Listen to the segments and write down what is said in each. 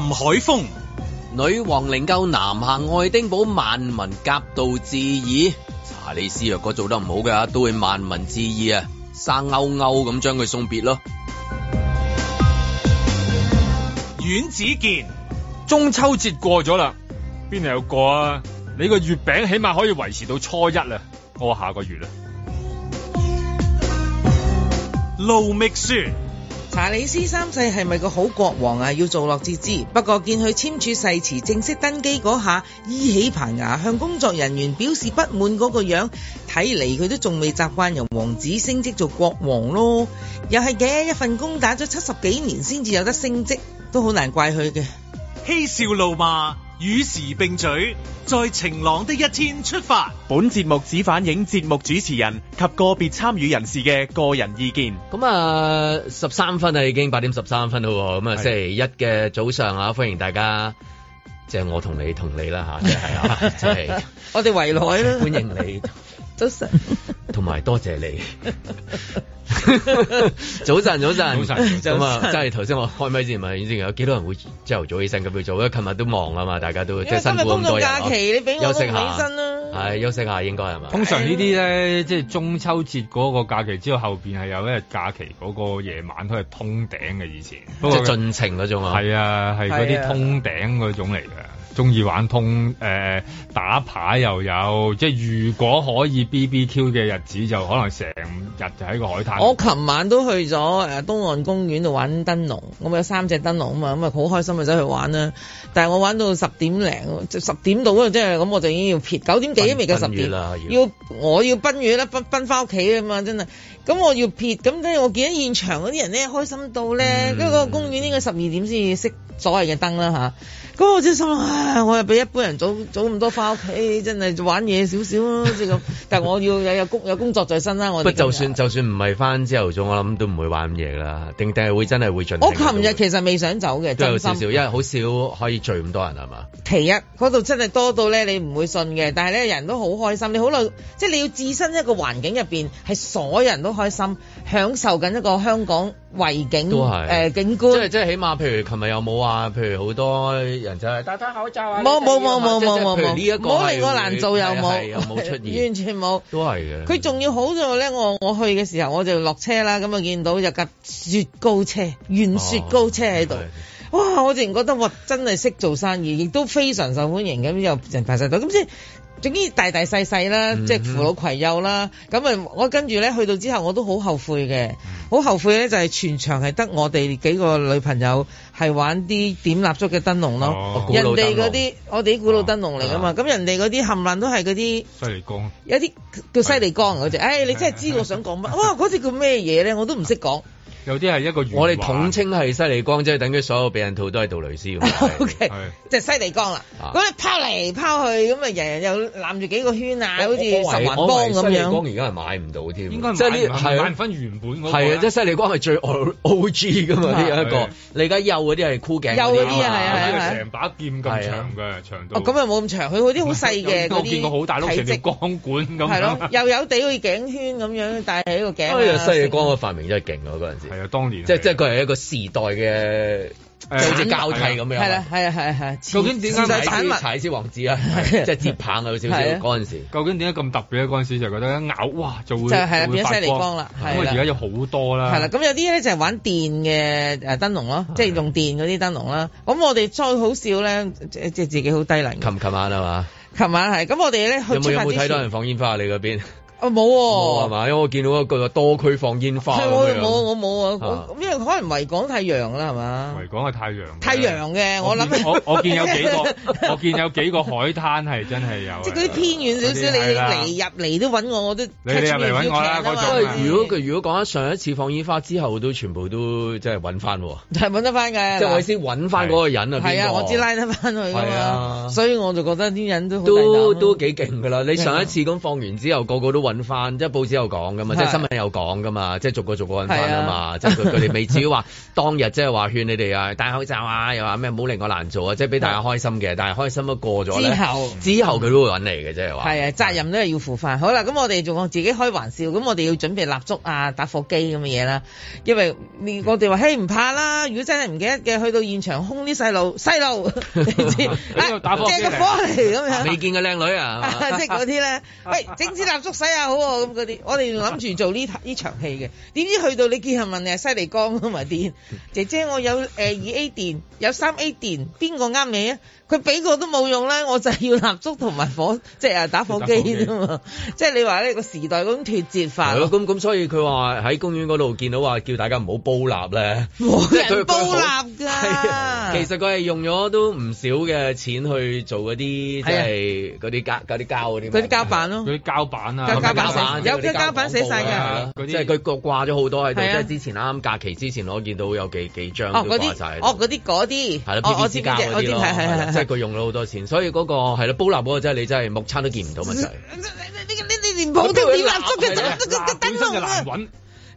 林海峰，女王靈柩南下愛丁堡，萬民夾道致意。查理斯若果做得唔好嘅，都會萬民致意啊，生勾勾咁將佢送別咯。阮子健，中秋節過咗啦，邊度有過啊？你個月餅起碼可以維持到初一啦，我話下個月啦。盧覓雪。查理斯三世係咪個好國王啊？要做落至知。不過見佢簽署誓詞正式登基嗰下，依起棚牙向工作人員表示不滿嗰個樣，睇嚟佢都仲未習慣由王子升職做國王咯。又係嘅，一份工打咗七十幾年先至有得升職都好難怪佢嘅。嬉笑怒罵。與時並舉，在晴朗的一天出發。本節目只反映節目主持人及個別參與人士嘅個人意見。咁啊，十三分啊，已經八點十三分啦。咁啊，星期一嘅早上啊，歡迎大家，即係我同你同你啦吓，係 啊，即係 我哋圍內啦，歡迎你。 早晨，同埋多謝你。 早晨，早晨。早晨。咁啊，即係頭先我開咪先咪，以前有幾多人會朝頭早起身咁去做咧？因為琴日都忙啊嘛，大家都即係辛苦咁多人。公眾假期，假期你俾我休息下起身啦。係、啊、休息下應該係嘛？通常呢啲咧，即、就、係、是、中秋節嗰個假期之後後面係有一日假期？嗰個夜晚都係通頂嘅以前，即係盡情嗰種啊。係啊，係嗰啲通頂嗰種嚟嘅。中意玩通誒、呃、打牌又有，即係如果可以 BBQ 嘅日子，就可能成日就喺個海灘。我琴晚都去咗誒、啊、東岸公園度玩燈籠，我有三隻燈籠啊嘛，咁啊好開心咪走去玩啦。但係我玩到十點零，十點到啊，即係咁我就已經要撇九點幾未夠十點啦，要，要我要奔月啦，奔奔翻屋企啊嘛，真係。咁我要撇，咁咧我見喺現場嗰啲人咧開心到咧，嗰、嗯嗰個公園應該十二點先至熄所有嘅燈啦吓，咁、啊、我真心啊，我又俾一般人早早咁多翻屋企， 真係玩嘢少少咯，即係咁。但係我要有有工有工作在身、啊、啦，我。不就算就算唔係翻朝頭早，我諗都唔會玩嘢啦，定定係會真係會盡我昨會。我琴日其實未想走嘅，即係有一少少，因為好少可以聚咁多人係嘛？其一嗰度真係多到咧，你唔會信嘅，但係咧人都好開心。你好耐，即係你要置身一個環境入面，係所有人都。都好開心享受緊一個香港圍景都係誒景觀，即係即係起碼，譬如琴日有冇話，譬如好多人就係戴翻口罩啊，冇冇冇冇冇冇冇，冇令我難做又冇，冇出現完全冇。都係嘅，佢仲要好到咧，我我去嘅時候我就落車啦，咁啊見到有架雪糕車，軟雪糕車喺度、哦，哇！我突然覺得哇，真係識做生意，亦都非常受歡迎，咁又人排晒隊，咁先。總之大大細細啦，即係扶老攜幼啦，咁、嗯、啊，我跟住咧去到之後，我都好後悔嘅，好、嗯、後悔咧就係、是、全場係得我哋幾個女朋友係玩啲點蠟燭嘅燈籠咯，人哋嗰啲我哋啲古老燈籠嚟噶嘛，咁、哦、人哋嗰啲冚唪唥都係嗰啲，有啲叫犀利江嗰隻，唉、哎哎，你真係知我想講乜，哇、哎，嗰、哦、隻、哎哦、叫咩嘢咧，我都唔識講。哎有啲係一個，我哋統稱係犀利光，即、就、係、是、等於所有避孕套都係杜蕾斯咁。O K，即係犀利光啦。咁你拋嚟拋去咁啊，日又攬住幾個圈啊，好似十環光咁、嗯、樣。犀利光而家係買唔到添，即係啲係分原本、啊。係、那個、啊，啊，即係犀利光係最 O G 㗎嘛？呢一個。你而家幼嗰啲係箍頸，右嗰啲啊係啊係。成把劍咁長嘅長度。哦，咁又冇咁長，佢嗰啲好細嘅嗰啲。見過好大碌好似隻光管咁。係咯，又有地好似頸圈咁樣戴呢個頸。犀利光嘅發明真係勁啊！嗰陣時。係啊，當年即係即係佢係一個時代嘅，就好似交替咁樣。係、哎、啦，係、嗯、啊，係啊，係、啊啊啊啊。究竟點解啲柴子王子啊？係啊係啊係啊即係接棒有少少啊！少少嗰陣時，究竟點解咁特別咧？嗰時就覺得一咬哇，就會，就係啊、會發光啦。咁啊，而家有好多啦。係啦、啊，咁、啊、有啲咧就係玩電嘅誒燈籠咯，即、就、係、係、用電嗰啲燈籠啦。咁、啊、我哋再好笑咧，即係自己好低能。琴晚係嘛？琴晚係。咁、啊、我哋咧有冇睇到人放煙花、啊，你嗰邊？啊冇係嘛，因為我見到一個多區放煙花，係我冇我冇啊，因為、啊、可能維港太陽啦係嘛，維港係太陽、啊，太陽嘅我諗我 我見有幾個 我見有幾個海灘係真係有，即係嗰啲偏遠少少，你嚟，入嚟都揾我，我都你你入嚟揾我啦，如果佢如果講上一次放煙花之後，都全部都即係揾翻，係揾、啊、得翻嘅、啊，即係我先揾翻嗰個人啊，係啊，我知拉得翻去，係啊，所以我就覺得啲人都、啊、都都幾勁噶啦，你上一次咁放完之後，啊、個個都揾。揾翻，即係報紙有講噶嘛，即係新聞有講噶嘛，啊、即係逐個逐個揾翻啊嘛，啊即係佢哋未至於話 當日即係話勸你哋啊戴口罩啊，又話咩唔好令我難做啊，即係俾大家開心嘅，啊、但係開心都過咗之後之後佢都會揾嘅，即係話係啊責任都係要負翻。啊、好啦，咁我哋仲講自己開玩笑，咁我哋要準備蠟燭啊打火機咁嘅嘢啦，因為我哋話、嗯、嘿唔怕啦，如果真係唔記得嘅，去到現場空啲細路細路， 你知道、 啊、打火機個火嚟咁樣未見嘅靚女啊， 啊即係嗰啲咧喂整支蠟燭使啊！ 好啊，咁嗰啲，我哋諗住做呢呢場戲嘅，點知去到你見人問你係犀利哥同埋電，姐姐我有誒二 A 電，有三 A 電，邊個啱你啊？佢俾個都冇用啦，我就係要蠟燭同埋火，即係啊打火機啫嘛。即係你話呢個時代咁脫節法。係咯，咁咁所以佢話喺公園嗰度見到話叫大家唔好煲蠟咧，冇人煲蠟㗎。其實佢係用咗都唔少嘅錢去做嗰啲即係嗰啲膠嗰啲膠嗰啲膠板咯，嗰啲膠板啊，膠板有、啊、啲膠板寫晒㗎，即係佢掛咗好多喺度。係啊，即係之前啱假期之前我見到有幾幾張都掛曬，哦嗰啲嗰啲係啦，P P 架嗰啲係一個用咗好多錢，所以嗰、那個係啦，煲蠟嗰個真係你真係目測都見唔到乜仔，就是。你你你你，你連普通啲蠟燭都都都都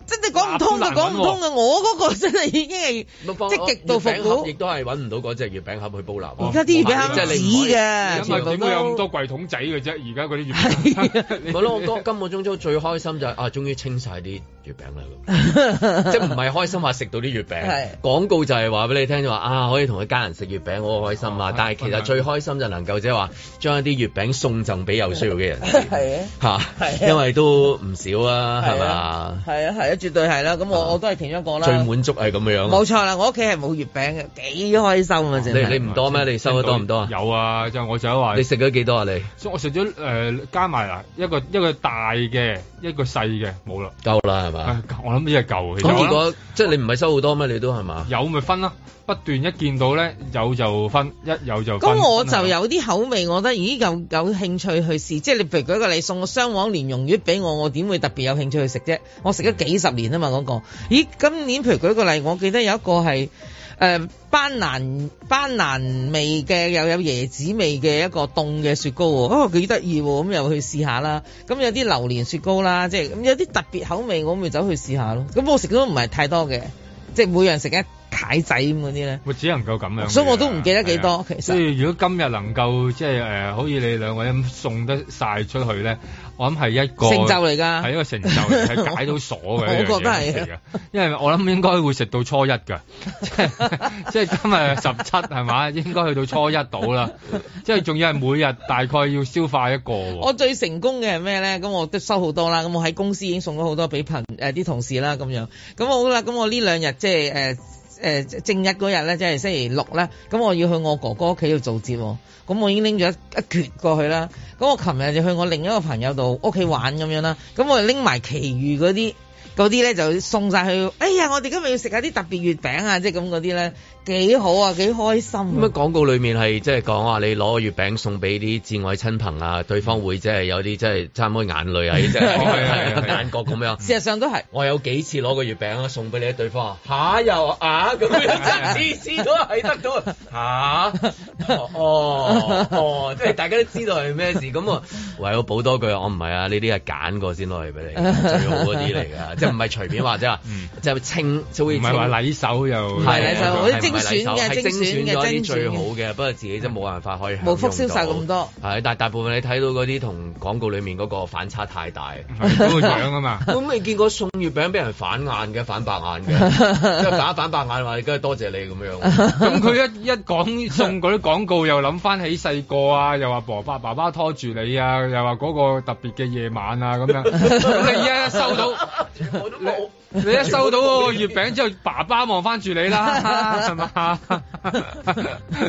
真係講唔通就講唔通噶，我嗰個真係已經係即係極度復古亦都係揾唔到嗰隻月餅盒，盒去煲蠟。而家啲月餅盒紙嘅，點、就是啊、會有咁多櫃桶仔嘅啫？而家嗰啲月餅。好咪咯，我今今個中秋最開心就係、是、啊，終於清晒啲。月餅啦 即係唔係開心話食到啲月餅？係 廣告就係話俾你聽，就話啊可以同佢家人食月餅，好開心啊！但係其實最開心就能夠即係話，將一啲月餅送贈俾有需要嘅人。係 啊，吓、啊啊，因為都唔少啊，係咪？係啊，係啊，啊，絕對係啦。咁我、啊、我都係平咗個啦。最滿足係咁嘅樣、啊。冇、嗯、錯啦，我屋企係冇月餅嘅，幾開心啊！啊你唔多咩？你收得多唔多啊？有啊，就是、我想話，你食咗幾多少啊？你？我食咗誒，加埋一個一個大嘅，一個細嘅，冇啦，夠啦。啊、我諗呢其舊嘅，咁如果即係你唔係收好多咩？你都係嘛？有咪分咯？不斷一見到咧有就分，一有就分。咁我就有啲口味，我覺得咦有有興趣去試。即係你譬如舉個例，送個雙黃蓮蓉月俾我，我點會特別有興趣去食啫？我食咗幾十年啊嘛，我、嗰、講、個。咦，今年譬如舉個例，我記得有一個係。誒、呃、斑蘭斑蘭味嘅，又有椰子味嘅一個凍嘅雪糕喎，哦，幾得意喎，咁又去試下啦。咁有啲榴蓮雪糕啦，即係咁有啲特別口味，我咪走去試下咯。咁我食都唔係太多嘅，即係每樣食一。蟹仔咁嗰啲咧，我只能夠咁樣，所以我都唔記得幾多。其實所以如果今日能夠即係誒，好似你兩位咁送得晒出去咧，我諗係一個成就嚟㗎，係一個成就，係 解到鎖嘅一樣嘢，我覺得係。因為我諗應該會食到初一㗎，即 係 今日十七係嘛？應該去到初一到啦。 即係仲要係每日大概要消化一個。 我最成功嘅係咩咧？咁我都收好多啦。咁我喺公司已經送咗好多俾朋啲、呃、同事啦。咁樣咁好啦。咁我呢兩日即係誒。呃誒正日嗰日咧，即係星期六咧，咁我要去我哥哥屋企度做節喎，咁我已經拎咗一一卷過去啦。咁我琴日就去我另一個朋友度屋企玩咁樣啦，咁我拎埋其餘嗰啲嗰啲咧就送晒去。哎呀，我哋今日要食下啲特別月餅啊，即係咁嗰啲咧。幾好啊，幾開心啊！乜廣告裏面係即係講話你攞個月餅送俾啲至愛親朋啊，對方會即係有啲即係差唔多眼淚啊，啲即係眼角咁樣。事實上都係，我有幾次攞個月餅啊，送俾你啲對方啊，吓又啊咁樣，次次都係得到啊，吓哦哦，哦，即係大家都知道係咩事，咁啊，唯有補多句，我唔係啊，呢啲係揀過先攞嚟俾你，最好嗰啲嚟㗎，即係唔係隨便話，嗯，即就清，就會唔係話禮手又即係。係精選嘅，精選咗啲最好嘅。不過自己真冇辦法可以冇福消受咁多。係，但大大部分你睇到嗰啲同廣告裏面嗰個反差太大。係，嗰個樣啊嘛。都未見過送月餅俾人反眼嘅，反白眼嘅，即 打反，反白眼話你，梗係多謝你咁樣。咁 佢一一講送嗰啲廣告，又諗翻起細個啊，又話爸爸爸爸拖住你啊，又話嗰個特別嘅夜晚啊咁樣。哎呀，收到，我都冇。你一收到個月餅之後，爸爸望翻住你啦，係嘛 是吧？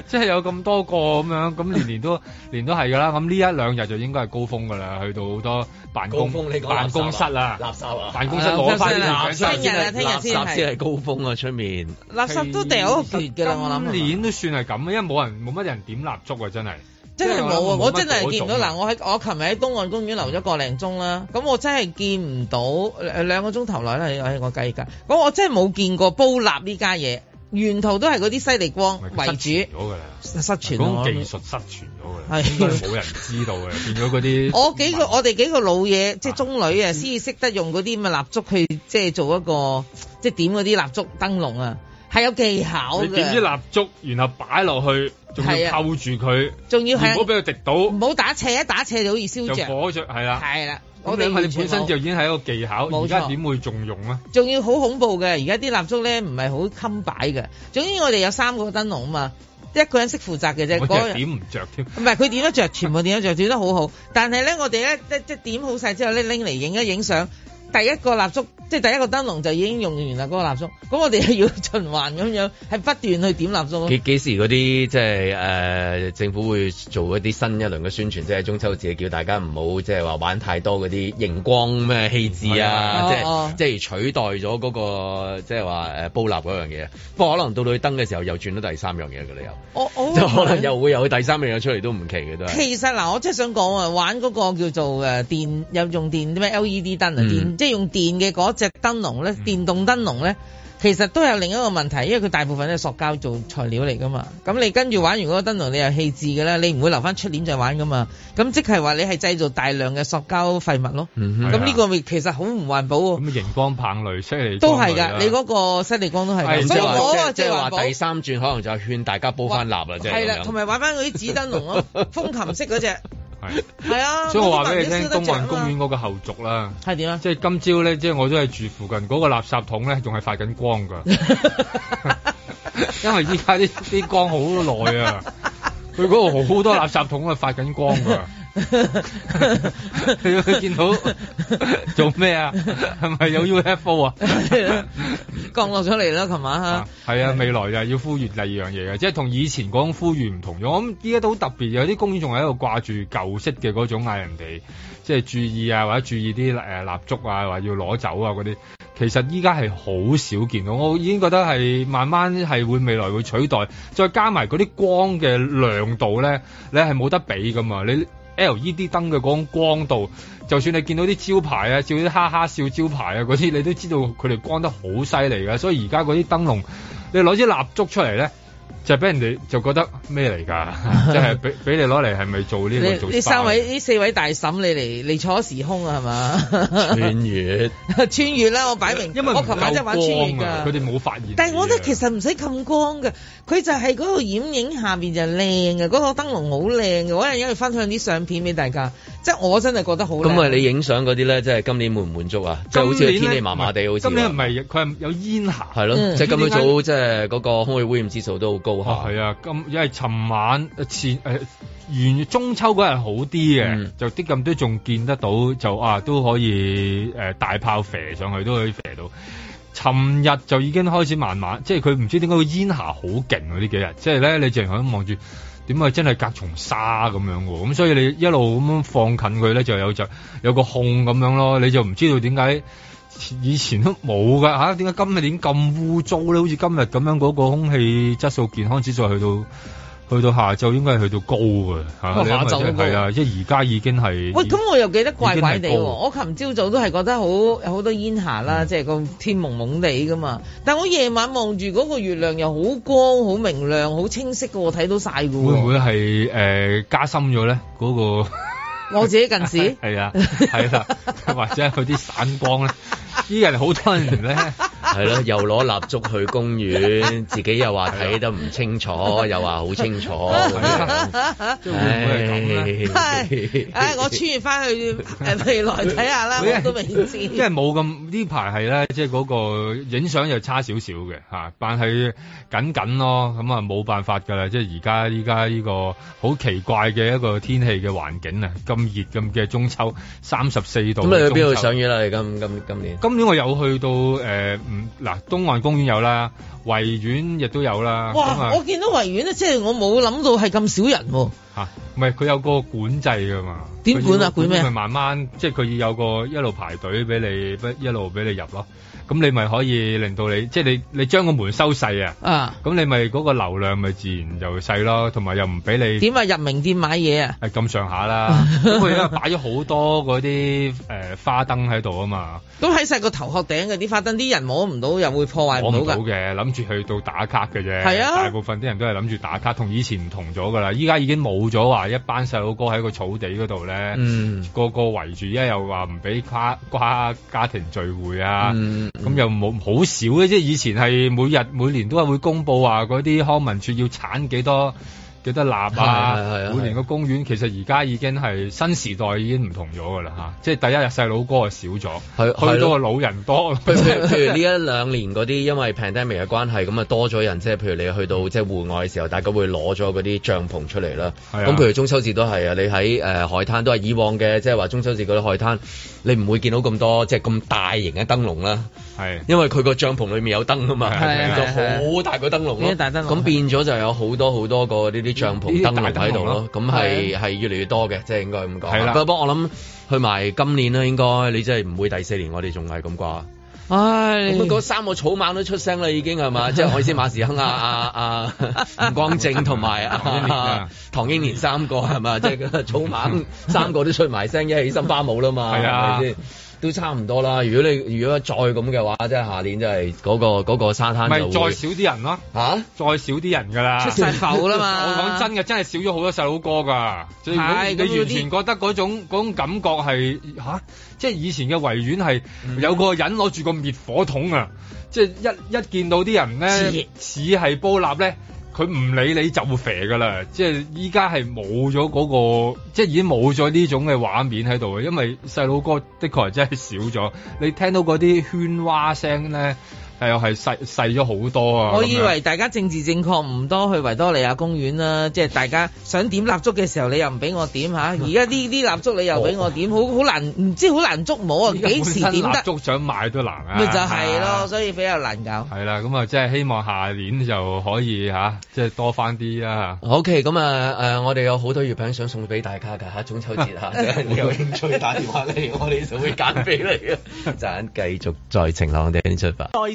即 係有咁多個咁樣，咁年年都年都係㗎啦。咁呢一兩日就應該係高峰㗎啦，去到好多辦公、啊、辦公室啊，垃圾啊，辦公室攞翻啲垃圾，垃圾聽日先係高峰啊出面，垃圾都掉好多碟㗎啦。我諗今年都算係咁，因為冇人冇乜人點蠟燭啊，真係。真係冇啊，啊！我真係見唔到嗱，我喺我琴日喺東岸公園留咗個零鐘啦，咁我真係見唔到誒，兩個鐘頭內啦，我計一計，我我真係冇見過煲蠟呢家嘢，沿途都係嗰啲犀利光為主，失傳咗㗎啦，失傳咗技術，失傳咗㗎啦，應該冇人知道嘅， 變咗嗰啲。我幾個我哋幾個老嘢即係中女啊，先至識、啊、得用嗰啲咁嘅蠟燭去即係做一個即係點嗰啲蠟燭燈籠啊。係有技巧嘅，你點支蠟燭，然後擺落去，仲要扣住佢，仲、啊、要唔好俾佢滴到，唔好打斜，一打斜就好易燒着。就火着，係啦、啊，係啦、啊。咁、啊、我哋本身就已經係一個技巧，而家點會縱容咧？仲要好恐怖嘅，而家啲蠟燭咧唔係好襟擺嘅。總之我哋有三個燈籠啊嘛，一個人識負責嘅啫。我點唔着添？唔係佢點得着，全部點得着，點得好好。 但係咧，我哋咧即即點好晒之後咧拎嚟影一影相。第一個蠟燭即係第一個燈籠就已經用完啦，嗰個蠟燭。咁我哋係要循環咁樣，係不斷去點蠟燭、啊。幾幾時嗰啲即係誒、呃、政府會做一啲新一輪嘅宣傳，即係中秋節叫大家唔好即係話玩太多嗰啲熒光咩氣字啊，即係、啊、取代咗嗰、那個即係話誒煲蠟嗰樣嘢。不過可能到到去燈嘅時候又轉到第三樣嘢嘅，你又，可能又會有去第三樣嘢出嚟都唔奇嘅。其實嗱，我真係想講啊，玩嗰個叫做誒電有用電啲咩 LED 燈啊，嗯、電即係用電嘅嗰隻燈籠咧，電動燈籠咧，其實都有另一個問題，因為佢大部分都係塑膠做材料嚟㗎嘛。咁你跟住玩完嗰個燈籠，你又棄置嘅啦，你唔會留翻出年再玩㗎嘛。咁即係話你係製造大量嘅塑膠廢物咯。咁、嗯、呢個咪其實好唔環保喎。咁熒光棒類型都係㗎，你嗰個犀利光都係。所以我、那個、即係話、就是、第三轉可能就係勸大家煲翻蠟啦，即係。係、就、啦、是，同埋玩翻嗰啲紙燈籠咯， 風琴式嗰隻。係，啊， 所以我話俾你聽東岸公園嗰個後續啦，係點咧，即係今朝咧，即係我都係住附近嗰、嗰個垃圾桶咧，仲係發緊光噶， 因為依家啲啲光好耐啊，佢嗰度好多垃圾桶啊，發緊光噶。佢佢見到 做咩什麼 是 啊？係咪有 UFO 啊？降落咗嚟啦！琴晚嚇係啊！未來就要呼籲第二樣嘢嘅，即係同以前嗰種呼籲唔同。我諗依家都好特別，有啲公園仲喺度掛住舊式嘅嗰種嗌人哋即係注意啊，或者注意啲誒蠟燭啊，話要攞走啊嗰啲。其實依家係好少見到，我已經覺得係慢慢係會未來會取代。再加埋嗰啲光嘅亮度咧，你係冇得比噶嘛？你 L.E.D 燈嘅嗰種光度，就算你見到啲招牌啊，照啲哈哈笑招牌啊嗰啲，你都知道佢哋光得好犀利嘅，所以而家嗰啲燈籠，你攞支蠟燭出嚟咧。就俾、是、人哋就覺得咩嚟㗎？即係俾俾你攞嚟係咪做呢、這個？ 你做呢三位呢 四位大嬸，你嚟你坐時空啊？係嘛？穿 川越穿 越啦！我擺明因為我琴晚真係玩穿越㗎！佢哋冇發現。但係我覺得其實唔使咁光㗎，佢 就係嗰度掩影下面就靚嘅，嗰、那個燈籠好靚嘅。我陣間要分享啲相片俾大家。即係我真係覺得好咁啊，你影相嗰啲咧，即係今年滿唔滿足啊？好似天氣麻麻哋，好似今年唔係佢係有煙霞。係咯、嗯，即係咁早，即係嗰個空氣污染指數都好高係啊，咁因為尋晚前誒、呃、中秋嗰日好啲嘅、嗯，就啲咁多仲見得到，就啊都可以誒、呃、大炮飛上去都可以飛到。尋日就已經開始慢慢，即係佢唔知點解個煙霞好勁啊！幾呢幾日即係咧，你淨係望住。點解真係隔重沙咁樣喎，咁所以你一路咁樣放近佢咧，就有就有個空咁樣咯，你就唔知道點解以前都冇㗎嚇，點解今日點咁污糟咧？好似今日咁樣嗰個空氣質素健康指數去到。去到下晝應該係去到高嘅，係啊，即係而家已經係。喂、哦，咁我又記得怪怪地喎，我琴朝早都係覺得好好多煙霞啦，即係個天蒙蒙地嘅嘛。但我夜晚望住嗰個月亮又好光、好明亮、好清晰嘅喎，睇到晒嘅喎。會唔會係誒、呃、加深咗咧？嗰、嗰個 我自己近視係啊，係 啦，或者佢啲散光咧，依家好多人咧。 係咯，又攞蠟燭去公園，自己又話睇得唔清楚，又話好清楚。唉，真係，唉，我穿越翻去誒未來睇下啦，我都未知。即係冇咁。呢排係咧，即係嗰個影相又差少少嘅嚇，但係緊緊咯，咁啊冇辦法㗎啦！即係而家依家依個好奇怪嘅一個天氣嘅環境啊，咁熱咁嘅中秋，三十四度。咁你去邊度賞月啦？今今今年，今年我有去到誒，嗯，嗱，東岸公園有啦。維園亦都有啦。哇！嗯、我見到維園咧，即係我冇諗到係咁少人，啊。吓、啊，唔係佢有個管制噶嘛？點管啊？管咩啊？咪慢慢，即係佢要有個一路排隊俾你，不一路俾你入咯。咁你咪可以令到你，即係你你將個門收細啊，咁你咪嗰個流量咪自然又細咯，同埋又唔俾你點啊入名店買嘢啊，係咁上下啦。咁佢而家擺咗好多嗰啲誒花燈喺度啊嘛，都喺晒個頭殼頂嘅啲花燈，啲人摸唔到又會破壞唔到嘅，諗住去到打卡嘅啫，係啊，大部分啲人都係諗住打卡，同以前唔同咗噶啦，依家已經冇咗話一班細佬哥喺個草地嗰度咧，個個圍住，而家又話唔俾跨家庭聚會啊。嗯咁、嗯、又冇好少嘅，即係以前係每日每年都係會公布話，嗰啲康文署要鏟幾多。記得立啊，啊啊啊、每年個公園其實而家已經係新時代已經唔同咗㗎啦嚇，即係第一日細佬哥就少是啊少咗，去到個老人多。譬、啊啊、如呢一兩年嗰啲 因為 Pandemic 嘅關係，咁啊多咗人，即係譬如你去到即係戶外嘅時候，大家會攞咗嗰啲帳篷出嚟啦。咁譬、啊、如中秋節都係啊，你喺誒、呃、海灘都係以往嘅，即係話中秋節嗰啲海灘，你唔會見到咁多即係咁大型嘅燈籠啦。係，因為佢個帳篷裏面有燈啊嘛，係一個好大個燈籠咯，咁變咗就有好多好多個呢啲帳篷燈籠喺度咯，咁係係越嚟越多嘅，即、就、係、是、應該咁講。係啦，不過我諗去埋今年啦，應該你真係唔會第四年我哋仲係咁啩？唉，嗰三個草蜢都出聲啦，已經係嘛，是 即係我意思，馬時亨啊啊吳、啊啊啊、光正同埋唐英年三個係嘛，即係草蜢三個都出埋聲，一起身花舞啦嘛，係啊。都差唔多啦，如果你如果你再咁嘅話，即係下年真係嗰個嗰、嗰個沙灘咪再少啲人咯。吓，再少啲人噶啦、啊，出世少啦嘛。 我講真嘅，真係少咗好多細佬哥噶。你完全覺得嗰種嗰種感覺係嚇、啊，即係以前嘅維園係有個人攞住個滅火筒啊！嗯、即係一一見到啲人咧，似係波立咧。佢唔理你就肥噶啦，即係依家係冇咗嗰個，即係已經冇咗呢種嘅畫面喺度嘅。因為細佬哥的確係真係少咗。你聽到嗰啲喧嘩聲咧。又係細細咗好多啊！我以為大家政治正確唔多去維多利亞公園啦、啊，即係大家想點蠟燭嘅時候，你又唔俾我點嚇。而家呢啲蠟燭你又俾我點，好好難，唔知好難捉摸啊！幾時點得？蠟燭想買都難啊！咪就係咯，所以比較難搞。係、啊、啦，咁啊，即係希望下年就可以嚇、啊，即係多翻啲啦。OK，咁、嗯、啊、呃，我哋有好多月餅想送俾大家㗎嚇，中秋節 你有興趣打電話嚟， 我哋就會揀俾你啊！暫 繼續再晴朗地出發。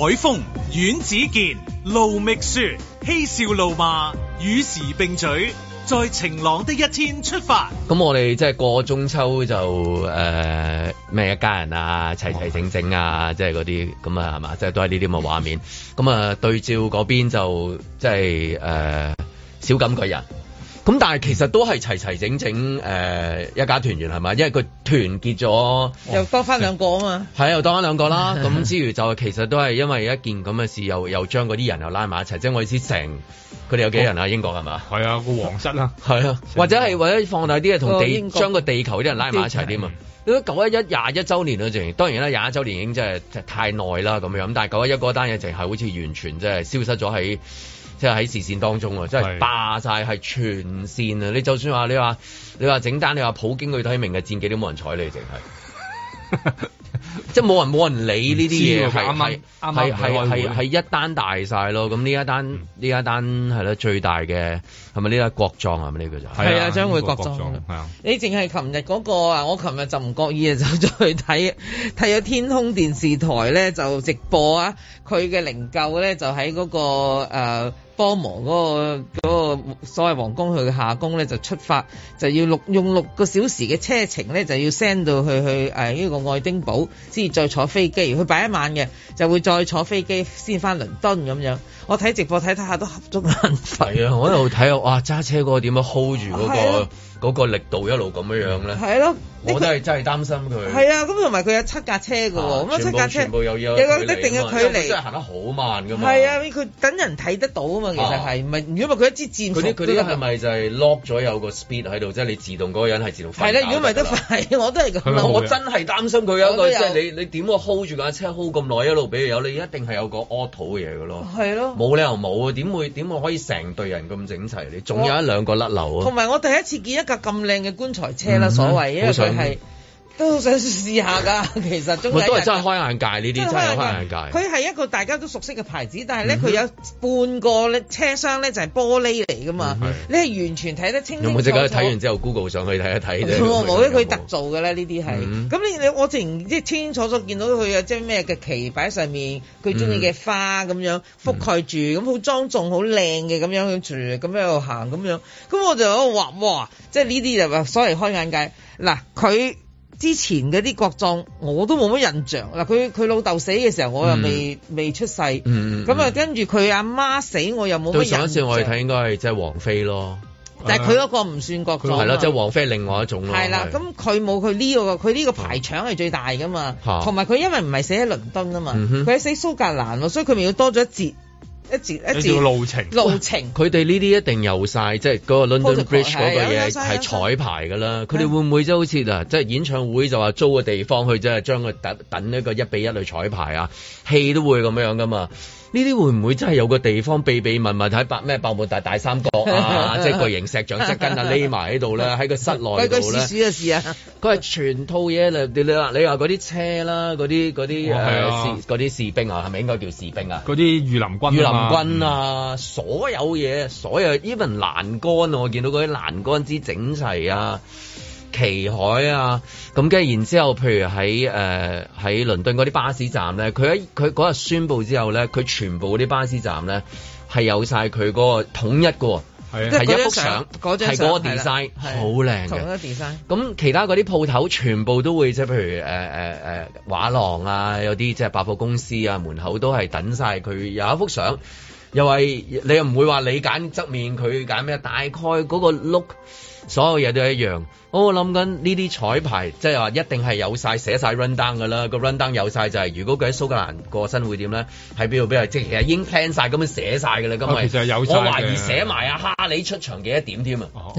海峰、阮子健、盧覓雪，嬉笑怒罵與時並舉，在晴朗的一天出發。咁我哋即係過中秋就誒咩、呃、一家人啊，齊齊整整啊，即係嗰啲咁啊，係嘛？即係都係呢啲咁嘅畫面。咁啊對照嗰邊就即係誒小感覺人。咁但係其實都係齊齊整整誒、呃、一家團圓，係嘛？因為佢團結咗，又多返兩個啊嘛。係啊，又多返兩個啦。咁 之餘就其實都係因為一件咁嘅事，又又將嗰啲人又拉埋一齊。 即係我意思，成佢哋有幾人啊？英國係嘛？係啊，個皇室啦。係啊，或者係或者放大啲嘅同地將個地球啲人拉埋一齊添嘛。九一一廿一週年啊，自然當然啦，廿一週年已經真係太耐啦咁樣。但係九一一嗰單嘢淨係好似完全即係消失咗喺。即係喺視線當中啊！即係霸晒，係全線啊！你就算話你話你話整單你話普京佢睇明日戰記都冇人睬你，淨 係即係冇人冇人理呢啲嘢係係係係係一單大晒咯！咁呢一單呢、嗯、一單係咯最大嘅係咪呢單國葬？係咪呢個就係啊將會國葬係啊！你淨係琴日嗰個啊，我琴日就唔覺意啊，就去睇睇咗天空電視台咧就直播啊，佢嘅靈柩咧就喺嗰、那個、呃幫忙嗰個嗰個所謂皇宮去下宮咧，就出發就要六用六個小時嘅車程咧，就要 send 到去去誒呢個愛丁堡，先至再坐飛機。佢擺一晚嘅，就會再坐飛機先翻倫敦咁樣。我睇直播睇睇下都合足眼瞓，係啊！ 我喺度睇啊，揸車嗰個點樣 hold 住嗰個力度一路咁樣樣咧？係咯、啊，我都係真係擔心佢。係啊，咁同埋佢有七架車噶喎，咁啊，啊七架車全部有一定嘅距離，咁即係行得好慢噶嘛。係啊，佢等人睇得到啊嘛，其實係，唔係如果佢一支箭。佢啲佢啲係咪就係 lock 咗有個 speed 喺度，即係你自動嗰個人係自動快啦。係啦，如果唔係得快， 我都係咁。我真係擔心佢有一個即係、就是、你你點個 hold 住架車 hold 咁耐一路一，畀佢有你一定係有個 auto 嘅嘢噶咯。係咯、啊。 冇理由冇啊！點會點會可以成隊人咁整齊？你仲有一兩個甩漏啊、嗯！同埋我第一次見一架咁靚嘅棺材車啦，所謂咧就係。都好想試下噶，其實總都係真係開眼界呢啲真係開眼界。佢係一個大家都熟悉嘅牌子，但係咧佢有半個咧車廂咧就係玻璃嚟噶嘛。嗯、你係完全睇得清，清楚楚。有冇即係睇完之後 Google 上去睇一睇咧？冇、嗯、啊，佢、嗯、特做嘅咧呢啲係。咁、嗯、你，你我前即係清清楚楚見到佢有即係咩嘅旗擺喺上面，佢中意嘅花咁樣、嗯、覆蓋住，咁好莊重、好靚嘅咁樣去住，咁喺度行咁樣。咁我就喺度話：哇！即係呢啲就是、所謂開眼界。嗱，佢。之前嗰啲國葬我都冇乜印象嗱，佢佢老豆死嘅時候我又未未出世，咁啊跟住佢阿媽死我又冇乜印象。我嗯嗯嗯、媽媽我印象上一次我哋睇應該係即係王妃咯，但係佢嗰個唔算國葬。係、嗯、咯，即係、就是、王妃另外一種咯。係啦，咁佢冇佢呢個佢呢個排場係最大噶嘛，同埋佢因為唔係死喺倫敦啊嘛，佢、嗯、係死喺蘇格蘭，所以佢咪要多咗一節。一節一路程，路程佢哋呢啲一定由曬，即係嗰個 London Bridge 嗰個嘢係彩排㗎啦。佢哋會唔會即係好似啊，即係演唱會就話租個地方去，即係將佢等等呢個一比一去彩排啊，戲都會咁樣㗎嘛。呢啲會唔會真係有個地方秘秘密密睇白咩百慕大大三角啊？ 即係巨型石像石根啊，匿埋喺度咧，喺個室內度咧。佢 佢試試啊試啊！佢 係全套嘢，你你話你話嗰啲車啦，嗰啲啲誒士啲士兵啊，係咪應該叫士兵啊？嗰啲御林軍、御林軍啊，所有嘢，所有，所有 even 欄杆啊，我見到嗰啲欄杆之整齊啊！旗海啊，咁跟住然之後，譬如喺誒喺倫敦嗰啲巴士站咧，佢喺佢嗰日宣布之後咧，佢全部啲巴士站咧係有晒佢嗰個統一嘅，係啊，即係一幅相，係嗰個 design，好靚嘅 design。咁其他嗰啲鋪頭全部都會即係譬如誒誒誒畫廊啊，有啲即係百貨公司啊，門口都係等晒佢有一幅相，嗯，又係你又唔會話你揀側面，佢揀咩？大概嗰個 look，所有嘢都係一樣。我諗緊呢啲彩排，即係話一定係有晒寫晒 run down 噶啦個 run down 有晒就係、是，如果佢喺蘇格蘭過身會點咧，喺邊度邊係，即係已經 plan 晒咁樣寫晒噶啦咁其實有我懷疑寫埋阿哈里出場嘅一點添啊，計、哦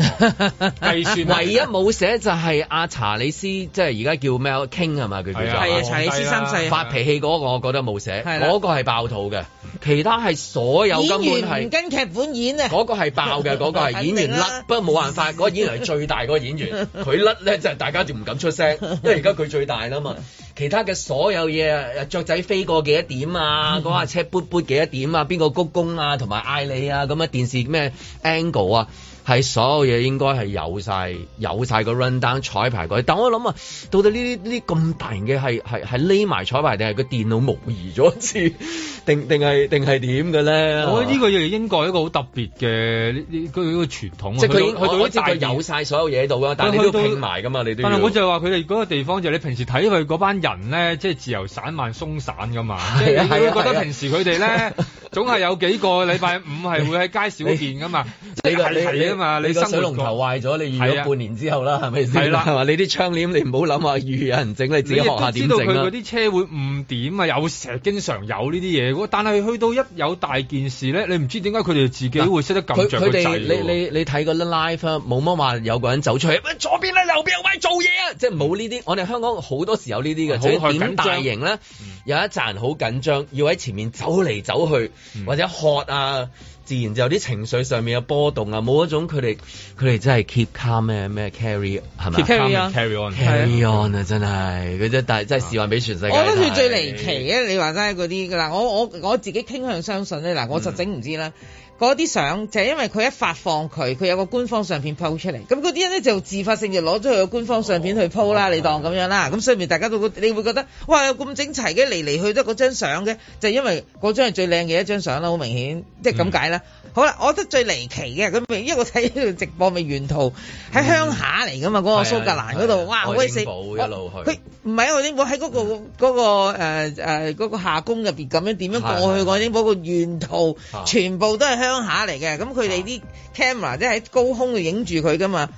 哦、 算唯一冇寫就係阿查理斯，即係而家叫咩 King 係嘛佢叫做，查理斯三世發脾氣嗰個，我覺得冇寫，嗰、啊那個係爆肚嘅，其他係所有根本係跟劇本演、那個那個、啊，嗰個係爆嘅，嗰個係演員甩，不過冇辦法，嗰、那個演員係最大嗰個演員。 佢甩咧，就大家就唔敢出聲，因為而家佢最大啦嘛，其他嘅所有嘢啊，雀仔飛過幾多點啊，嗰 下尺杯杯幾多點啊，邊個鞠躬啊，同埋嗌你啊，咁啊電視咩 angle 啊。係所有嘢應該係有曬有曬個 run down 彩排過，但我諗啊，到底呢啲呢咁大型嘅係係係匿埋彩排定係個電腦模擬咗一次，定定係定係點嘅咧？我覺得呢個又係英國一個好特別嘅呢、呢個傳統。佢佢對呢有曬所有嘢喺度啊，但係都拼埋㗎嘛，你都。但係我就話佢哋嗰個地方就係、你平時睇佢嗰班人咧，即、就、係、係、自由散漫鬆散㗎嘛。係、啊、你覺得平時佢哋咧，總係有幾個禮拜五係會喺街小見㗎嘛。嘛，你個水龍頭壞咗，你預咗半年之後啦，係咪先？係啦，係嘛、啊？你啲窗簾，你唔好諗話預有人整，你自己學下點整啦。知道佢嗰啲車會誤點啊，有成經常有呢啲嘢。但係去到一有大件事咧，你唔知點解佢哋自己會識得咁。佢哋你你你睇嗰啲 live 冇乜話有個人走出去，左邊啊，右邊有、啊、位做嘢啊，即係冇呢啲。我哋香港好多時有、嗯、呢啲嘅，好緊張。大型咧。有一陣人好緊張，要喺前面走嚟走去，嗯、或者渴啊，自然就有啲情緒上面嘅波動啊，冇一種佢哋佢哋真係 keep calm 咩 carry 係咪 carry？carry on carry on 啊、yeah、真係，佢真但係真係示範俾全世界。我覺得佢最離奇嘅，你話真係嗰啲啦，我我我自己傾向相信咧嗱，我實整唔知啦。嗯嗰啲相就係、是、因為佢一發放佢，佢有個官方相片 po 出嚟，咁嗰啲人咧就自發性就攞咗佢嘅官方相片去 po 啦、哦，你當咁樣啦。咁所以咪大家都你會覺得哇，有咁整齊嘅嚟嚟去都嗰張相嘅，就是、因為嗰張係最靚嘅一張相啦，好明顯，即係咁解啦。好啦，我覺得最離奇嘅，佢因為我睇呢度直播咪沿途喺鄉下嚟噶嘛，嗰、嗯那個蘇格蘭嗰度、啊，哇，好鬼死！佢唔係啊，愛丁堡喺嗰個嗰、嗯那個誒誒嗰個下宮入邊咁樣點樣過去愛丁堡個沿途，啊、全部都係鄉。鄉下嚟嘅，咁佢哋啲 camera 即係喺高空度影住佢噶嘛，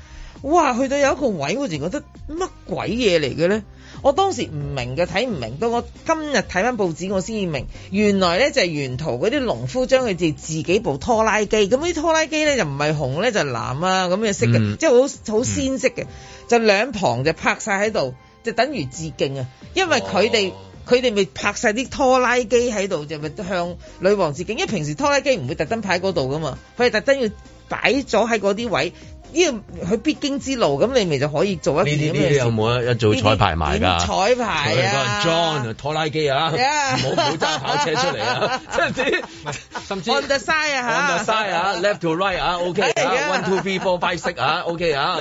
哇，去到有一個位，我仲覺得乜鬼嘢嚟嘅咧？我當時唔明嘅，睇唔明。到我今日睇翻報紙，我先至明，原來咧就係、是、沿途嗰啲農夫將佢哋自己部拖拉機，咁啲拖拉機咧就唔係紅咧就藍啊咁嘅色嘅，即係好好鮮色嘅，就兩旁就拍晒喺度，就等於致敬啊，因為佢哋、哦。佢哋咪拍晒啲拖拉機喺度，就咪向女王致敬。因為平時拖拉機唔會特登擺喺嗰度噶嘛，佢係特登要擺咗喺嗰啲位。呢個佢必經之路，咁你咪就可以做一啲呢啲？呢啲有冇一做彩排賣㗎？彩排啊！John 拖拉機啊！唔好唔好揸跑車出嚟啊！甚至甚至。On the side 啊！On the side 啊！Left to right 啊！OK。One two three four five six 啊！OK 啊！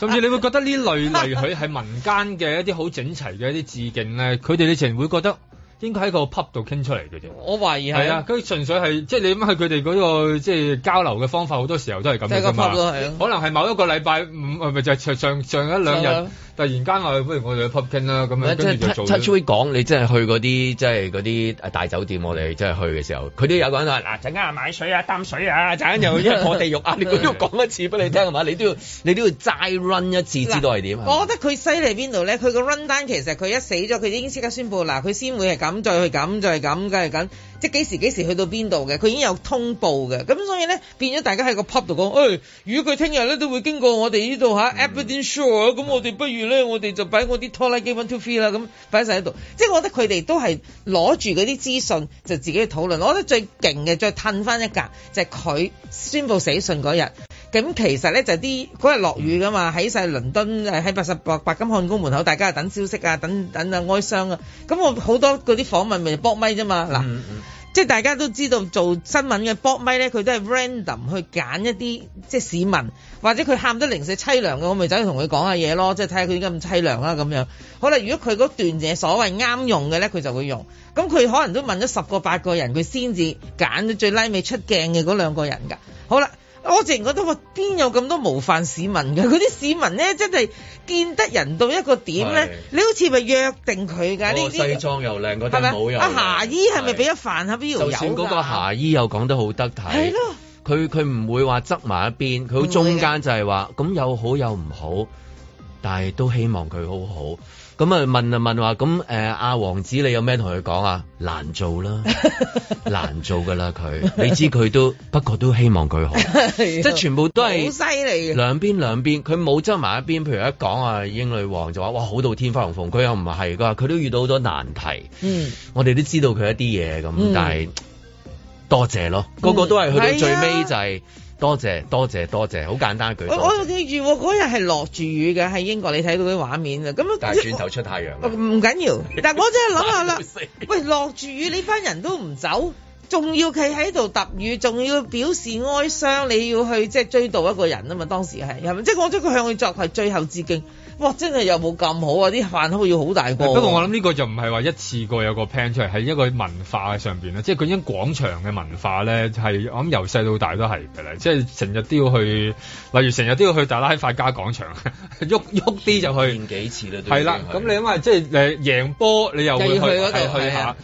甚至你會覺得呢類嚟佢係民間嘅一啲好整齊嘅一啲致敬咧，佢哋你成日會覺得。應該喺個 pub 度傾出嚟嘅啫，我懷疑係啊，佢純粹係即係你咁喺佢哋嗰個即係、就是、交流嘅方法，好多時候都係咁㗎嘛。可能係某一個禮拜五，係咪就係上上一兩日突然間話、就是，不如我哋去 pub 傾啦咁樣，跟住就做。t a 講你真係去嗰啲，即係嗰啲大酒店，我哋真係去嘅時候，佢都有個人話：嗱，陣間啊買水啊擔水啊，陣間又一破地獄啊！ 你都要講一次俾你聽係嘛？你都要 你都要齋 run 一次知道係點。我覺得佢犀利邊度咧？佢個 run 單其實佢一死咗，佢已經即刻宣布嗱，佢先會係 咁就去咁就係咁，梗係咁，即係幾時幾時去到邊度嘅？佢已經有通報嘅，咁所以咧變咗大家喺個 pop 度講，誒、哎，如果佢聽日咧都會經過我哋呢度吓 Aberdeenshire，咁我哋不如咧，我哋就擺我啲拖拉機翻 Two Three 啦，咁擺喺晒喺度。即係我覺得佢哋都係攞住嗰啲資訊就自己去討論。我覺得最勁嘅，再褪翻一格就係、是、佢宣布死訊嗰日。咁其實咧就啲嗰日落雨㗎嘛，喺晒倫敦喺八十八白金漢宮門口，大家等消息啊，等等啊哀傷啊。咁我好多嗰啲訪問咪搏咪啫嘛。嗱、嗯，即係大家都知道做新聞嘅搏咪咧，佢都係 random 去揀一啲即係市民，或者佢喊得零舍凄涼嘅，我咪走去同佢講下嘢咯，即係睇下佢點咁凄涼啦、啊、咁樣。好啦，如果佢嗰段嘢所謂啱用嘅咧，佢就會用。咁佢可能都問咗十個八個人，佢先至揀咗最拉尾出鏡嘅嗰兩個人㗎。好啦。我成日覺得，邊有咁多模範市民㗎。嗰啲市民呢，真係見得人到一個點呢？你好似咪約定佢㗎？呢啲西裝又靚，個頭帽又，阿、啊、霞姨係咪俾咗飯盒俾佢？就算嗰個霞姨又講得好得體，係咯，佢佢唔會話側埋一邊，佢好中間就係話，咁有好有唔好，但係都希望佢好好。咁啊，問啊問話，咁誒，阿王子你有咩同佢講啊？難做啦， 難做噶啦，佢，你知佢都， 不過都希望佢好， 啊、即係全部都係，好犀利，兩邊兩邊，佢冇執埋一邊，譬如一講啊，英女王就話哇，好到天花龍鳳，佢又唔係噶，佢都遇到好多難題，嗯，我哋都知道佢一啲嘢咁，但係、嗯、多謝咯，個、個個都係去到最尾就係、嗯。多謝多謝多謝，好簡單句。我我記住，嗰日係落住雨嘅喺英國，你睇到啲畫面啊，咁但係轉頭出太陽。唔緊要， 但我真係諗下啦， 喂，落住雨呢班 人都唔走，仲要企喺度揼雨，仲要表示哀傷，你要去即係、就是、追悼一個人啊嘛，當時係係咪？即係我將佢向佢作為最後致敬。哇！真係有冇咁好啊！啲飯好要好大個，啊。不過我諗呢個就唔係話一次過有個 plan 出嚟，係一個文化上面，啦即係咁樣廣場嘅文化咧，係我諗由細到大都係㗎啦。即係成日都要去，例如成日都要去大拉法加廣場，喐喐啲就去。見幾次啦？係啦，咁你諗下即係誒贏波，你又會去去，啊啊，去下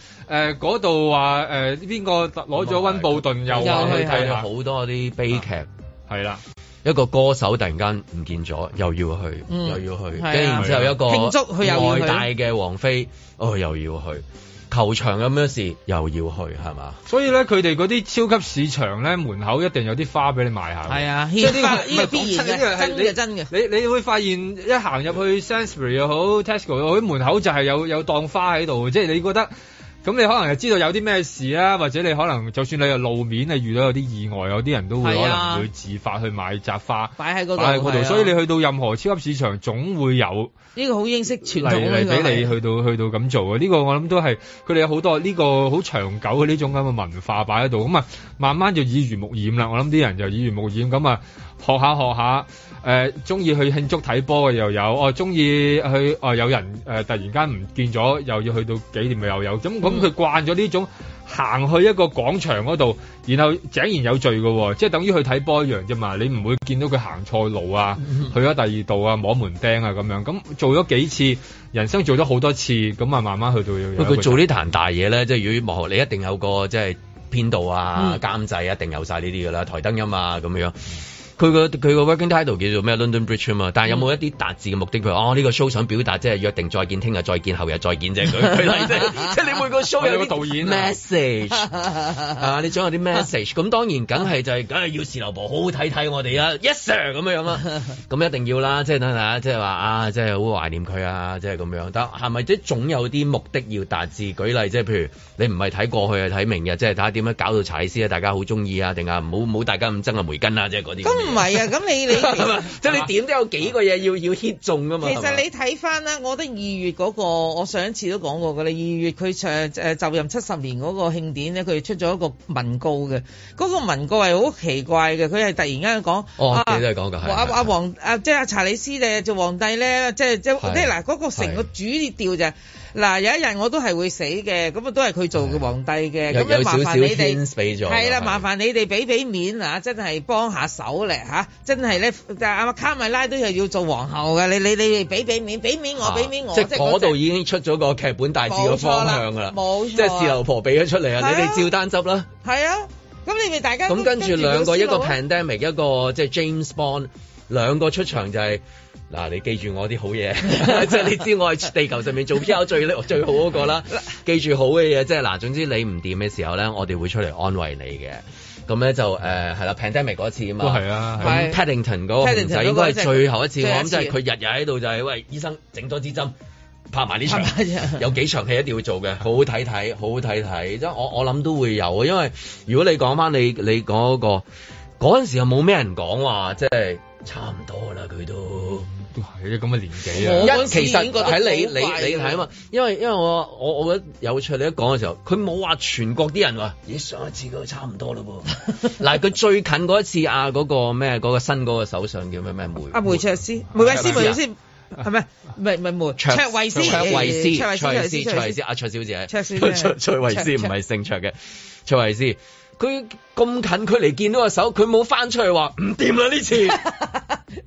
嗰度話誒邊個攞咗温布頓又去，又話睇好多啲悲劇，係啦，啊。一個歌手突然間唔見咗，又要去，嗯、又要去，跟住、啊、然之後一個外大嘅王妃、嗯，哦又要去，球場咁樣事又要去係嘛？所以咧，佢哋嗰啲超級市場咧，門口一定有啲花俾你買下。係啊，即係呢、這個呢、 這個必然嘅，你係真嘅。你你會發現一行入去 Sainsbury 又好 Tesco 喺門口就係有有檔花喺度，即係你覺得。咁你可能又知道有啲咩事啊，或者你可能就算你路面啊遇到有啲意外，有啲人都會可能會自發去買雜花擺喺擺喺度，所以你去到任何超級市場總會有呢個好英式傳統嚟嚟俾你去到去到咁做啊！呢個我諗都係佢哋有好多呢個好長久嘅呢種咁嘅文化擺喺度，咁啊慢慢就耳濡目染啦。我諗啲人就耳濡目染咁啊。學下學下，誒、呃，中意去慶祝睇波嘅又有，哦，中意去哦，有人誒、呃，突然間唔見咗，又要去到紀念咪又有咁，咁佢慣咗呢種行去一個廣場嗰度，然後井然有序嘅，哦，即係等於去睇波一樣啫嘛，你唔會見到佢行錯路啊，嗯，去咗第二度啊，摸門釘啊咁樣，咁做咗幾次，人生做咗好多次，咁啊慢慢去到。佢做呢壇大嘢咧，即係如果幕後，你一定有個即係編導啊、監製啊，一定有晒呢啲噶啦，嗯，台燈啊嘛，咁樣。佢個佢個 working title 叫做咩？London Bridge 啊嘛，但係有冇一啲達至嘅目的？譬如哦，呢、呢個 show 想表達即係約定再見，聽日再見，後日再見啫。佢， 舉例即係你每個 show 有個導演 message 啊，你總有啲 message。 咁當然梗係就係梗係要事頭婆好好睇睇我哋啊 ，yes sir 咁樣啦，咁一定要啦。即係等下，即係話啊，即係好懷念佢啊，即係咁樣。但係咪即係總有啲目的要達至？舉例即係譬如你唔係睇過去睇明日，即係睇下點樣搞到查理斯啊？大家好中意啊，定啊，唔好大家咁憎啊梅根啊，即係嗰啲唔 係啊，咁你你即係 你點都有幾個嘢要要 hit 中噶嘛？其實你睇翻啦，我覺得二月嗰個，我上一次都講過噶啦。二月佢誒誒就任七十年嗰個慶典咧，佢出咗一個文告嘅。嗰個文告係好奇怪嘅，佢係突然間講。哦，你都係講噶。阿阿、啊啊、王，阿即係阿查理斯就做皇帝咧，即係即係嗱嗰個成個主調就係。嗱，有一日我都係會死嘅，咁啊都係佢做嘅皇帝嘅，咁、嗯、樣麻煩你哋，係啦，麻煩你哋俾俾面幫幫啊，真係幫下手咧吓真係咧，阿卡米拉都係要做皇后嘅，你你你哋俾俾面，俾面我俾、啊、面我，即係嗰度已經出咗個劇本大致嘅方向噶啦，即係事頭婆俾咗出嚟啊，你哋照單執啦。係啊，咁你哋大家咁跟住兩個，一個 Pandemic，一個即係 James Bond，兩個出場就係、是。嗱、啊，你記住我啲好嘢，即 係你知我係地球上面做 PR 最叻 最好嗰個啦。 記住好嘅嘢，即係嗱，總之你唔掂嘅時候咧，我哋會出嚟安慰你嘅。咁咧就誒係、呃、啦，Pandemic 嗰次啊嘛，哦、啊。咁 Paddington 嗰、啊嗰個就應該係最後一次，後一次我諗，即係佢日日喺度就係、係、喂醫生整多支針，拍埋呢場，場，有幾場戲一定要做嘅， 好好睇睇，好好睇睇。即係我我諗都會有，因為如果你講翻你你講、嗰、嗰個嗰陣時又冇咩人講話，即、就、係、係、差唔多啦，佢都。咁嘅 年紀啊！其實應該睇你你你睇啊嘛，因為因為我我我覺得有趣，你一講嘅時候，佢冇話全國啲人話，咦，上一次佢差唔多咯噃。嗱，佢 最近嗰一次 啊，嗰個咩嗰個新嗰個首相叫咩咩梅？阿梅卓思梅慧思，梅慧思係咪？唔係唔係梅卓慧思卓慧思，卓慧思卓慧思，阿卓小姐。卓卓卓慧思唔係姓卓嘅，卓慧思。佢咁近距離見到個手，佢冇翻出嚟話唔掂啦呢次。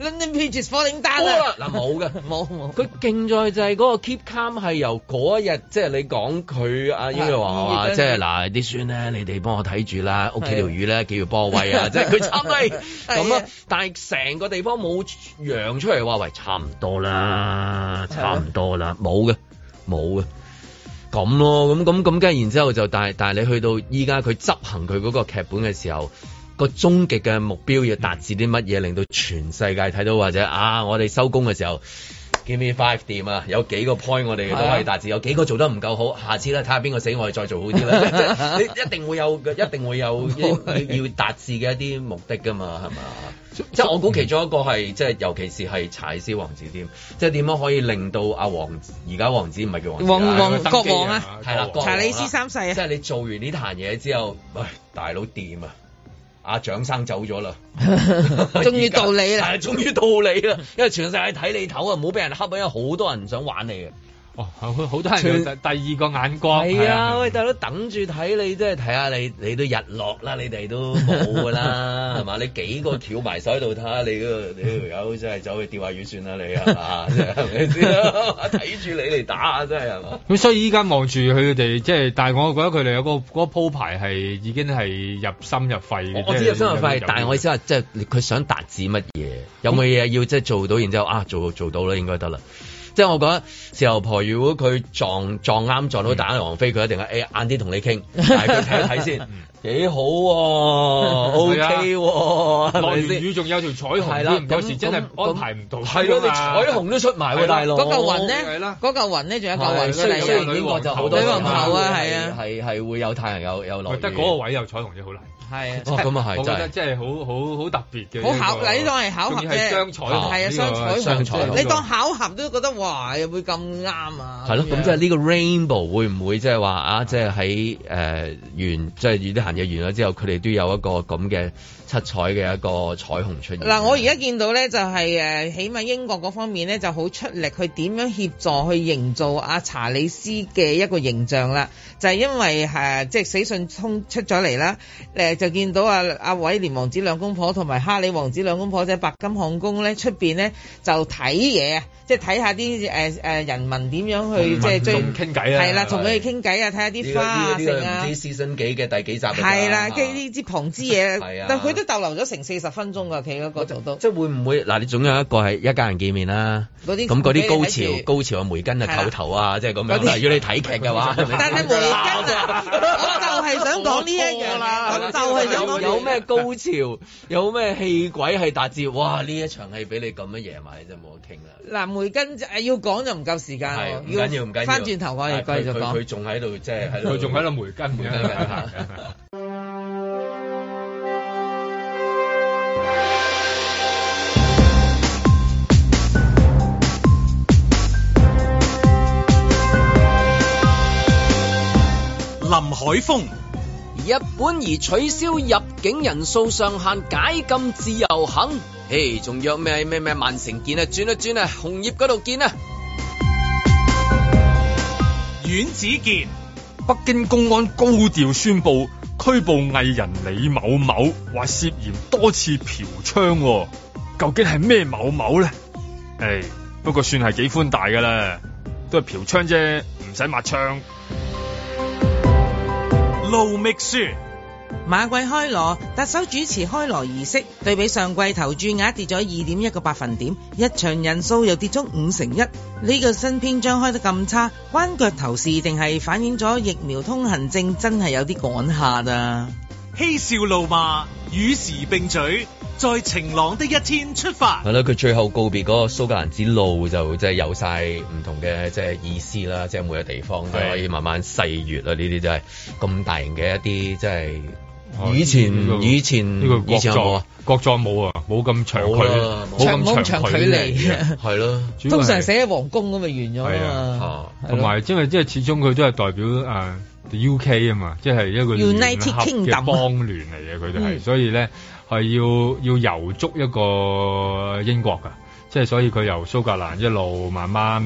嗱冇嘅，冇冇。佢勁在就係嗰個 keep calm 係由嗰一日，即係你講佢阿英華話，即係嗱啲孫咧，你哋幫我睇住啦，屋企條魚咧，仲要幫我餵啊， 即係佢真係咁啊，但係成個地方冇揚出嚟話，喂，差唔多啦、嗯，差唔多啦，冇嘅，冇嘅，咁咯，咁咁咁，跟然之後就但係但係你去到依家佢執行佢嗰個劇本嘅時候。個終極嘅目標要達至啲乜嘢，令到全世界睇到或者啊，我哋收工嘅時候，give me five 掂啊，有幾個 point 我哋都可以達至、啊，有幾個做得唔夠好，下次啦睇下邊個死，我哋再做好啲啦。 你一定會有，一定會有要達至嘅一啲目的噶嘛，係嘛？ 即係我估其中一個係，即係尤其是係柴斯王子添，即係點樣可以令到阿、啊、王而家王子唔係叫王子，王王國王啊，係、啊、啦、啊，查理斯三世啊，即係你做完呢壇嘢之後，喂、哎、大佬掂啊！阿、啊、蔣生走咗啦，終 於到你啦，係終於到你啦， 因為全世界睇你頭啊，唔好俾人恰，因為好多人唔想玩你啊。哦，好多人有第二個眼光係啊，啊！喂，大佬等住睇你，即係睇下你，你都日落啦，你哋都冇噶啦，係 嘛？你幾個翹埋手喺度睇下你個條友，你真係走去釣下魚算啦，你啊，係咪睇住你嚟打啊！真係係嘛？咁所以依家望住佢哋，即係，但係我覺得佢哋有個嗰個鋪排係已經係入心入肺嘅。我知入心入肺，但係我意思話即係佢想達至乜嘢？有冇嘢要即係做到？然之後啊，做做到啦，應該得啦。即、就、係、是、我覺得，時候，婆如果佢撞撞啱撞到大鶴王妃，佢一定係誒晏啲同你傾，大家佢睇一睇先，幾 好喎、啊、 ，OK 喎、啊啊，落完雨仲有條彩虹，有時、啊、真係安排唔到，係咯，啊、你彩虹都出埋喎、啊，大佬。嗰嚿、啊、雲呢，嗰嚿、啊那個、雲呢仲、啊那個、有嚿雲。啊、王多彩虹女皇頭啊，係啊，係係會有太陽有落雨，得嗰個位有彩虹就好難。係啊，咁啊係真係即係好好好特別嘅。好巧，你當係巧合啫。雙彩彩虹。你當巧合都覺得。哇！又會咁啱啊！係咯，咁即係呢個 Rainbow 會唔會即係話啊？即係喺誒完，即係完啲行嘢完咗之後，佢哋都有一個咁嘅。七彩嘅一個彩虹出現。嗱，我而家見到咧就係誒起碼英國嗰方面咧就好出力去點樣協助去營造阿查理斯嘅一個形象啦，啊，就係因為誒即係死訊衝出咗嚟啦，誒就見到阿阿威廉王子兩公婆同埋哈里王子兩公婆即係白金漢宮咧出邊咧就睇嘢，就是、啊，即係睇下啲誒誒人民點樣去即係追傾偈啊，係啦，同佢哋傾偈啊，睇下啲花啊剩啊，呢 season 幾嘅第幾集係、啊、啦，即係呢支旁枝嘢， 但佢都。逗留咗成四十分鐘㗎，企喺嗰度都。即係會唔會嗱？你總有一個係一家人見面啦、啊。啲咁嗰啲高潮，高潮嘅梅根啊，叩頭啊，啊即係咁樣。如果你睇劇嘅話，但係梅根啊，我，我就係想講呢一樣，就係想講、這個這個。有咩高潮？有咩戲鬼係達至？哇！呢一場戲俾你咁乜嘢埋，真係冇得傾啦。嗱，梅根、啊、要講就唔夠時間。係。緊要唔緊要？翻轉頭話又佢仲喺度，即係佢仲喺度梅根， 林海峰，日本而取消入境人數上限，解禁自由行。嘿、hey,，仲約咩咩咩萬城見啊，轉一轉啊，紅葉嗰度見啊。阮子健，北京公安高調宣布拘捕藝人李某某，話涉嫌多次嫖娼、哦。究竟係咩某某咧？誒、hey,，不過算係幾寬大噶啦，都係嫖娼啫，唔使抹槍。路書，馬季開鑼，特首主持開鑼儀式。對比上季投注額跌咗二點一個百分點，入場人數又跌足五成一。呢、這個新篇章開得咁差，彎腳頭市定係反映咗疫苗通行證真係有啲趕下啊！嬉笑怒罵與時並舉，在晴朗的一天出發。係啦，佢 最後告別嗰個蘇格蘭之路就， 就即係有晒唔同嘅，即係意思啦，即係每個地方都可以慢慢細閱啦，呢啲就係咁大型嘅一啲即係。就是以前以前呢、啊，這個這個國葬，國葬冇啊，冇咁長距離、啊，長冇咁長距離，係 咯，啊，通常寫喺皇宮咁咪完咗啊。同埋即係始終佢都係代表啊 U K 啊嘛，即係一個聯合嘅邦聯嚟嘅佢哋，係、就是，所以呢，係要要遊足一個英國噶、 嗯，即係所以佢由蘇格蘭一路慢慢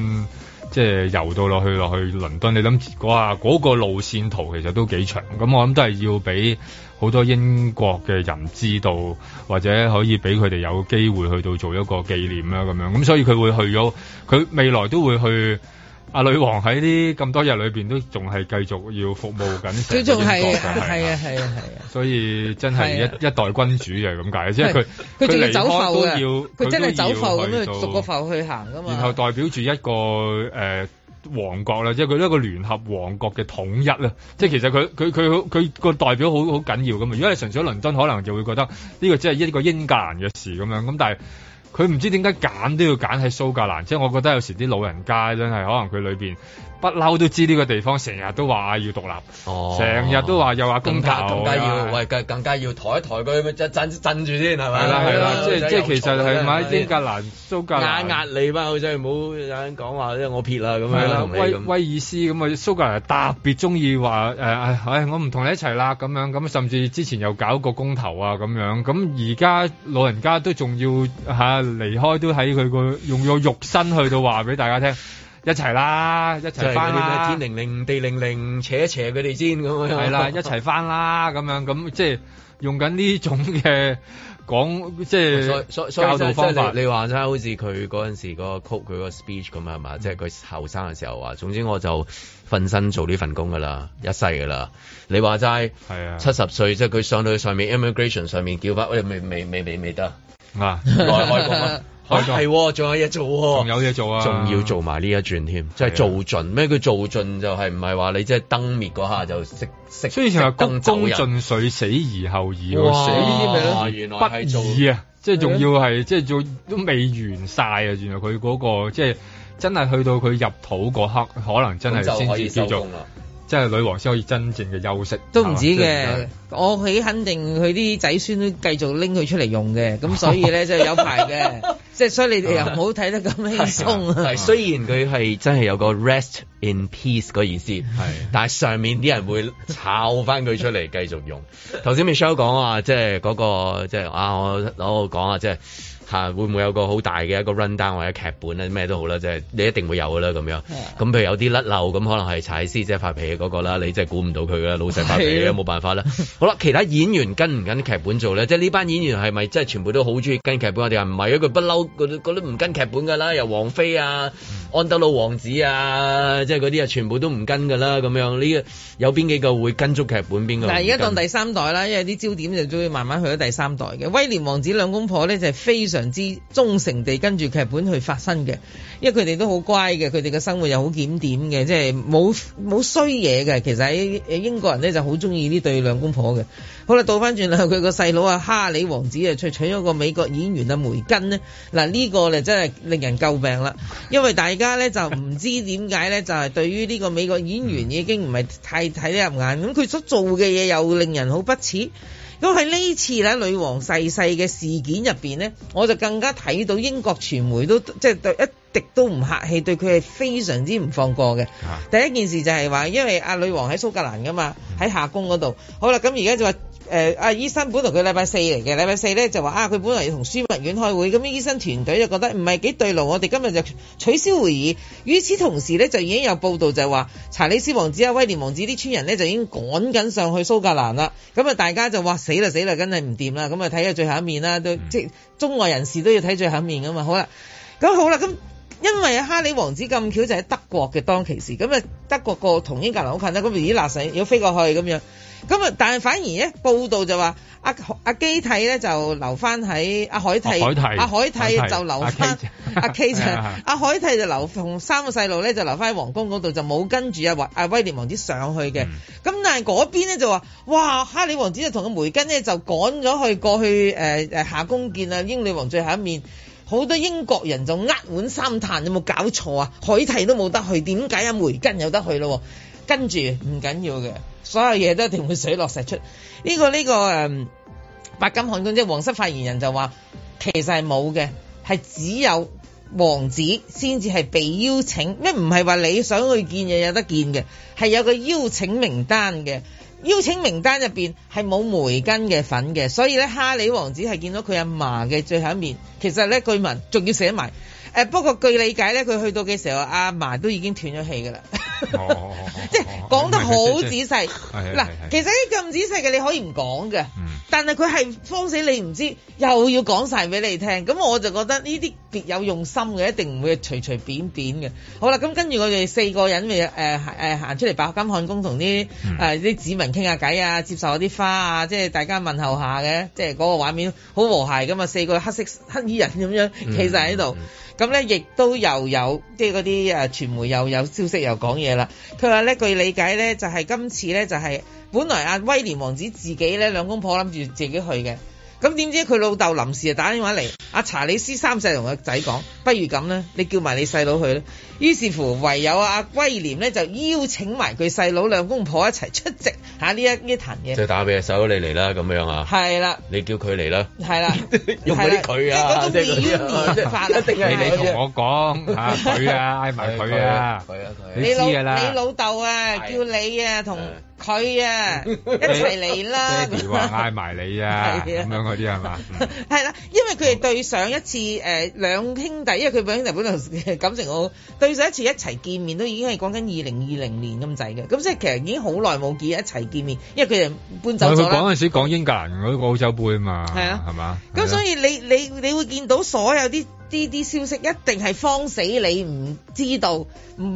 即係遊到落去落去倫敦，你諗哇嗰個路線圖其實都幾長，咁我諗都係要俾。好多英國嘅人知道，或者可以俾佢哋有機會去到做一個紀念啦咁樣，咁、嗯、所以佢會去咗，佢未來都會去。阿女王喺呢咁多日裏面都仲係繼續要服務緊，佢仲係係啊係啊係啊，所以真係一一代君主就係咁解，即係佢佢仲要走埠，佢真係走埠咁樣，逐個埠去行噶嘛。然後代表住一個誒。呃王國啦，即係佢一個聯合王國嘅統一啦，即係其實佢佢佢佢個代表好好緊要噶嘛。如果你純粹倫敦，可能就會覺得呢個即係一個英格蘭嘅事咁樣。咁，但係佢唔知點解揀都要揀喺蘇格蘭。即係我覺得有時啲老人家真係可能佢裏邊。不嬲都知呢個地方，成日都話要獨立，成、哦、日都話又話更加更加要、啊，喂，更加要抬一抬佢一，震震住先係咪？係啦係啦，即係即係其實係咪英格蘭蘇格蘭壓壓你嘛，最唔、啊、好有人講話咧，我撇啦咁、啊、樣。威威爾斯咁啊，蘇格蘭特別中意話誒我唔同你一齊啦咁樣，咁甚至之前又搞個公投啊咁樣，咁而家老人家都仲要吓、啊、離開都，都喺佢個用咗肉身去到話俾大家聽。 一齊啦，一齊翻啦，天靈靈地靈靈，扯一扯佢哋先咁樣。係 啦，一齊翻啦咁樣，咁即係用緊呢種嘅講，即係教導方法。即你話齋好似佢嗰陣時嗰個曲，佢個 speech 咁係嘛？即係佢後生嘅時候話，總之我就瞓身做呢份工㗎啦，一世㗎啦。你話齋，係啊，七十歲即係佢上到去上面 immigration 上面叫翻，我未未未未未，未，未得啊，來開工。係，係，仲有嘢做，仲有嘢做啊，仲、啊啊、要做埋呢一轉添，即、就、係、是、做盡咩？佢、啊、做盡就係唔係話你即係燈滅嗰下就熄熄，所以成日鞠躬盡瘁，死而後已。死呢啲不義啊，即係仲要係、啊、即係做都未完晒啊！原來佢嗰、嗰個即係真係去到佢入土嗰刻，可能真係先至叫做。即係女王先可以真正嘅休息，都唔止嘅、就是。我起肯定佢啲仔孫都繼續拎佢出嚟用嘅，咁 所以咧就係、是、有排嘅。 即係所以你哋又唔好睇得咁輕鬆。係、 啊，啊、 雖然佢係真係有個 rest in peace 嗰意思，但係上面啲人會炒翻佢出嚟繼續用。頭 先 Michelle 講話，即係嗰個，即、就、係、是、啊，我攞我講啊，即、就、係、是。嚇、啊、會唔會有個好大嘅一個 run down 或者劇本咧咩都好啦，即、就、係、是、你一定會有噶啦咁樣。咁譬如有啲甩漏咁，可能係踩師姐發脾氣嗰、那個啦，你真係估唔到佢噶老細發脾氣冇辦法啦。 好啦，其他演員跟唔跟劇本做咧？即係呢班演員係咪真係全部都好中意跟劇本？我哋話唔係，佢不嬲嗰啲唔跟劇本噶啦，由王妃啊、安德魯王子啊，即係嗰啲啊，全部都唔跟噶啦咁樣。呢有邊幾個會跟足劇本邊個？但係而家當第三代啦，因為啲焦點就終於慢慢去咗第三代嘅。威廉王子兩公婆咧就係、是、非常。非常之忠誠地跟住劇本去發生嘅，因為佢哋都好乖嘅，佢哋嘅生活又好檢點嘅，即係冇冇衰嘢嘅。其實喺英國人咧就好中意呢對兩公婆嘅。好啦，倒翻轉啦，佢個細佬啊，哈里王子啊，娶娶咗個美國演員啊梅根呢，嗱、這、呢個咧真係令人詬病啦，因為大家咧就唔知點解咧，就係對於呢個美國演員已經唔係太睇得入眼，咁佢所做嘅嘢又令人好不齒。咁喺呢次咧，女王逝世嘅事件入邊咧，我就更加睇到英國傳媒都即係對一滴都唔客氣，對佢係非常之唔放過嘅，啊。第一件事就係話，因為阿女王喺蘇格蘭噶嘛，喺夏宮嗰度。好啦，咁而家就話。誒、呃啊，醫生本來佢禮拜四嚟嘅，禮拜四咧就話啊，佢本來要同樞密院開會，咁醫生團隊就覺得唔係幾對路，我哋今日就取消會議。與此同時咧，就已經有報道就話，查理斯王子啊、威廉王子啲村人咧，就已經趕緊上去蘇格蘭啦。咁啊，大家就話死啦死啦，梗係唔掂啦。咁啊，睇下最後一面啦，都即中外人士都要睇最後一面噶嘛。好啦，咁好啦，咁因為哈里王子咁巧就喺德國嘅當其時，咁啊德國個同英格蘭好近啦，咁而嗱聲要飛過去咁樣。咁啊！但係反而咧，報道就話阿阿基蒂咧就留翻喺阿海蒂，阿、啊、海蒂、啊、就留翻阿、啊、K 就、啊、阿、啊啊、海蒂就留同三個細路咧就留翻喺皇宮嗰度，就冇跟住阿威阿威廉王子上去嘅。咁、嗯、但係嗰邊咧就話：哇！哈利王子就同個梅根呢就趕咗去過去誒、呃、下宮見啊英女王最後一面。好多英國人就呃碗三炭，有冇搞錯啊？海蒂都冇得去，點解阿梅根有得去咯？跟住唔緊要嘅，所有嘢都一定會水落石出。呢個呢個誒，白金漢宮即係王室發言人就話，其實係冇嘅，係只有王子先至係被邀請，咩唔係話你想去見嘢，有得見嘅，係有個邀請名單嘅。邀請名單入面係冇梅根嘅份嘅，所以咧，哈里王子係見到佢阿嫲嘅最後一面。其實咧，據聞仲要寫埋。誒、啊、不過據理解咧，佢去到嘅時候，阿嫲都已經斷咗氣㗎啦。 oh, oh, oh, oh. 即係講得好仔細。嗱，是是是其實啲咁仔細嘅你可以唔講嘅，但係佢係慌死你唔知，又要講晒俾你聽。咁我就覺得呢啲別有用心嘅，一定唔會隨隨便便嘅。好啦，咁跟住我哋四個人咪誒行出嚟白金漢宮同啲誒啲子民傾下偈啊，接受下啲花啊，即係大家問候下嘅，即係嗰個畫面好和諧嘅嘛，四個黑色黑衣人咁樣其實喺度。是是是是是咁咧，亦都又有即係嗰啲誒，傳媒又有消息又講嘢啦。佢話咧，據理解咧，就係今次咧，就係本來阿威廉王子自己咧，兩公婆諗住自己去嘅。咁點知佢老豆臨時就打電話嚟，阿查理斯三世同個仔講：不如咁啦，你叫埋你細佬去啦。於是乎，唯有阿威廉咧就邀請埋佢細佬兩公婆一齊出席嚇呢一呢壇嘢。即係打俾阿細佬你嚟啦，咁樣啊？係啦，你叫佢嚟啦。係啦，用嗰啲佢啊，即係法啊！你你同我講嚇佢啊，嗌埋佢啊，佢啊佢。你知㗎啦，你老豆啊，叫你啊同佢啊一齊嚟啦。話嗌埋你啊， 啲係嘛？係啦，因為佢哋對上一次誒、呃、兩兄弟，因為佢兩兄弟本來感情好，對上一次一齊見面都已經係講緊二零二零年咁滯嘅，咁即係其實已經好耐冇見一齊見面，因為佢哋搬走咗。佢嗰陣時講英格蘭嗰個歐洲杯啊嘛，係啊，係嘛？咁所以你你你會見到所有啲。呢啲消息一定係慌死你唔知道，唔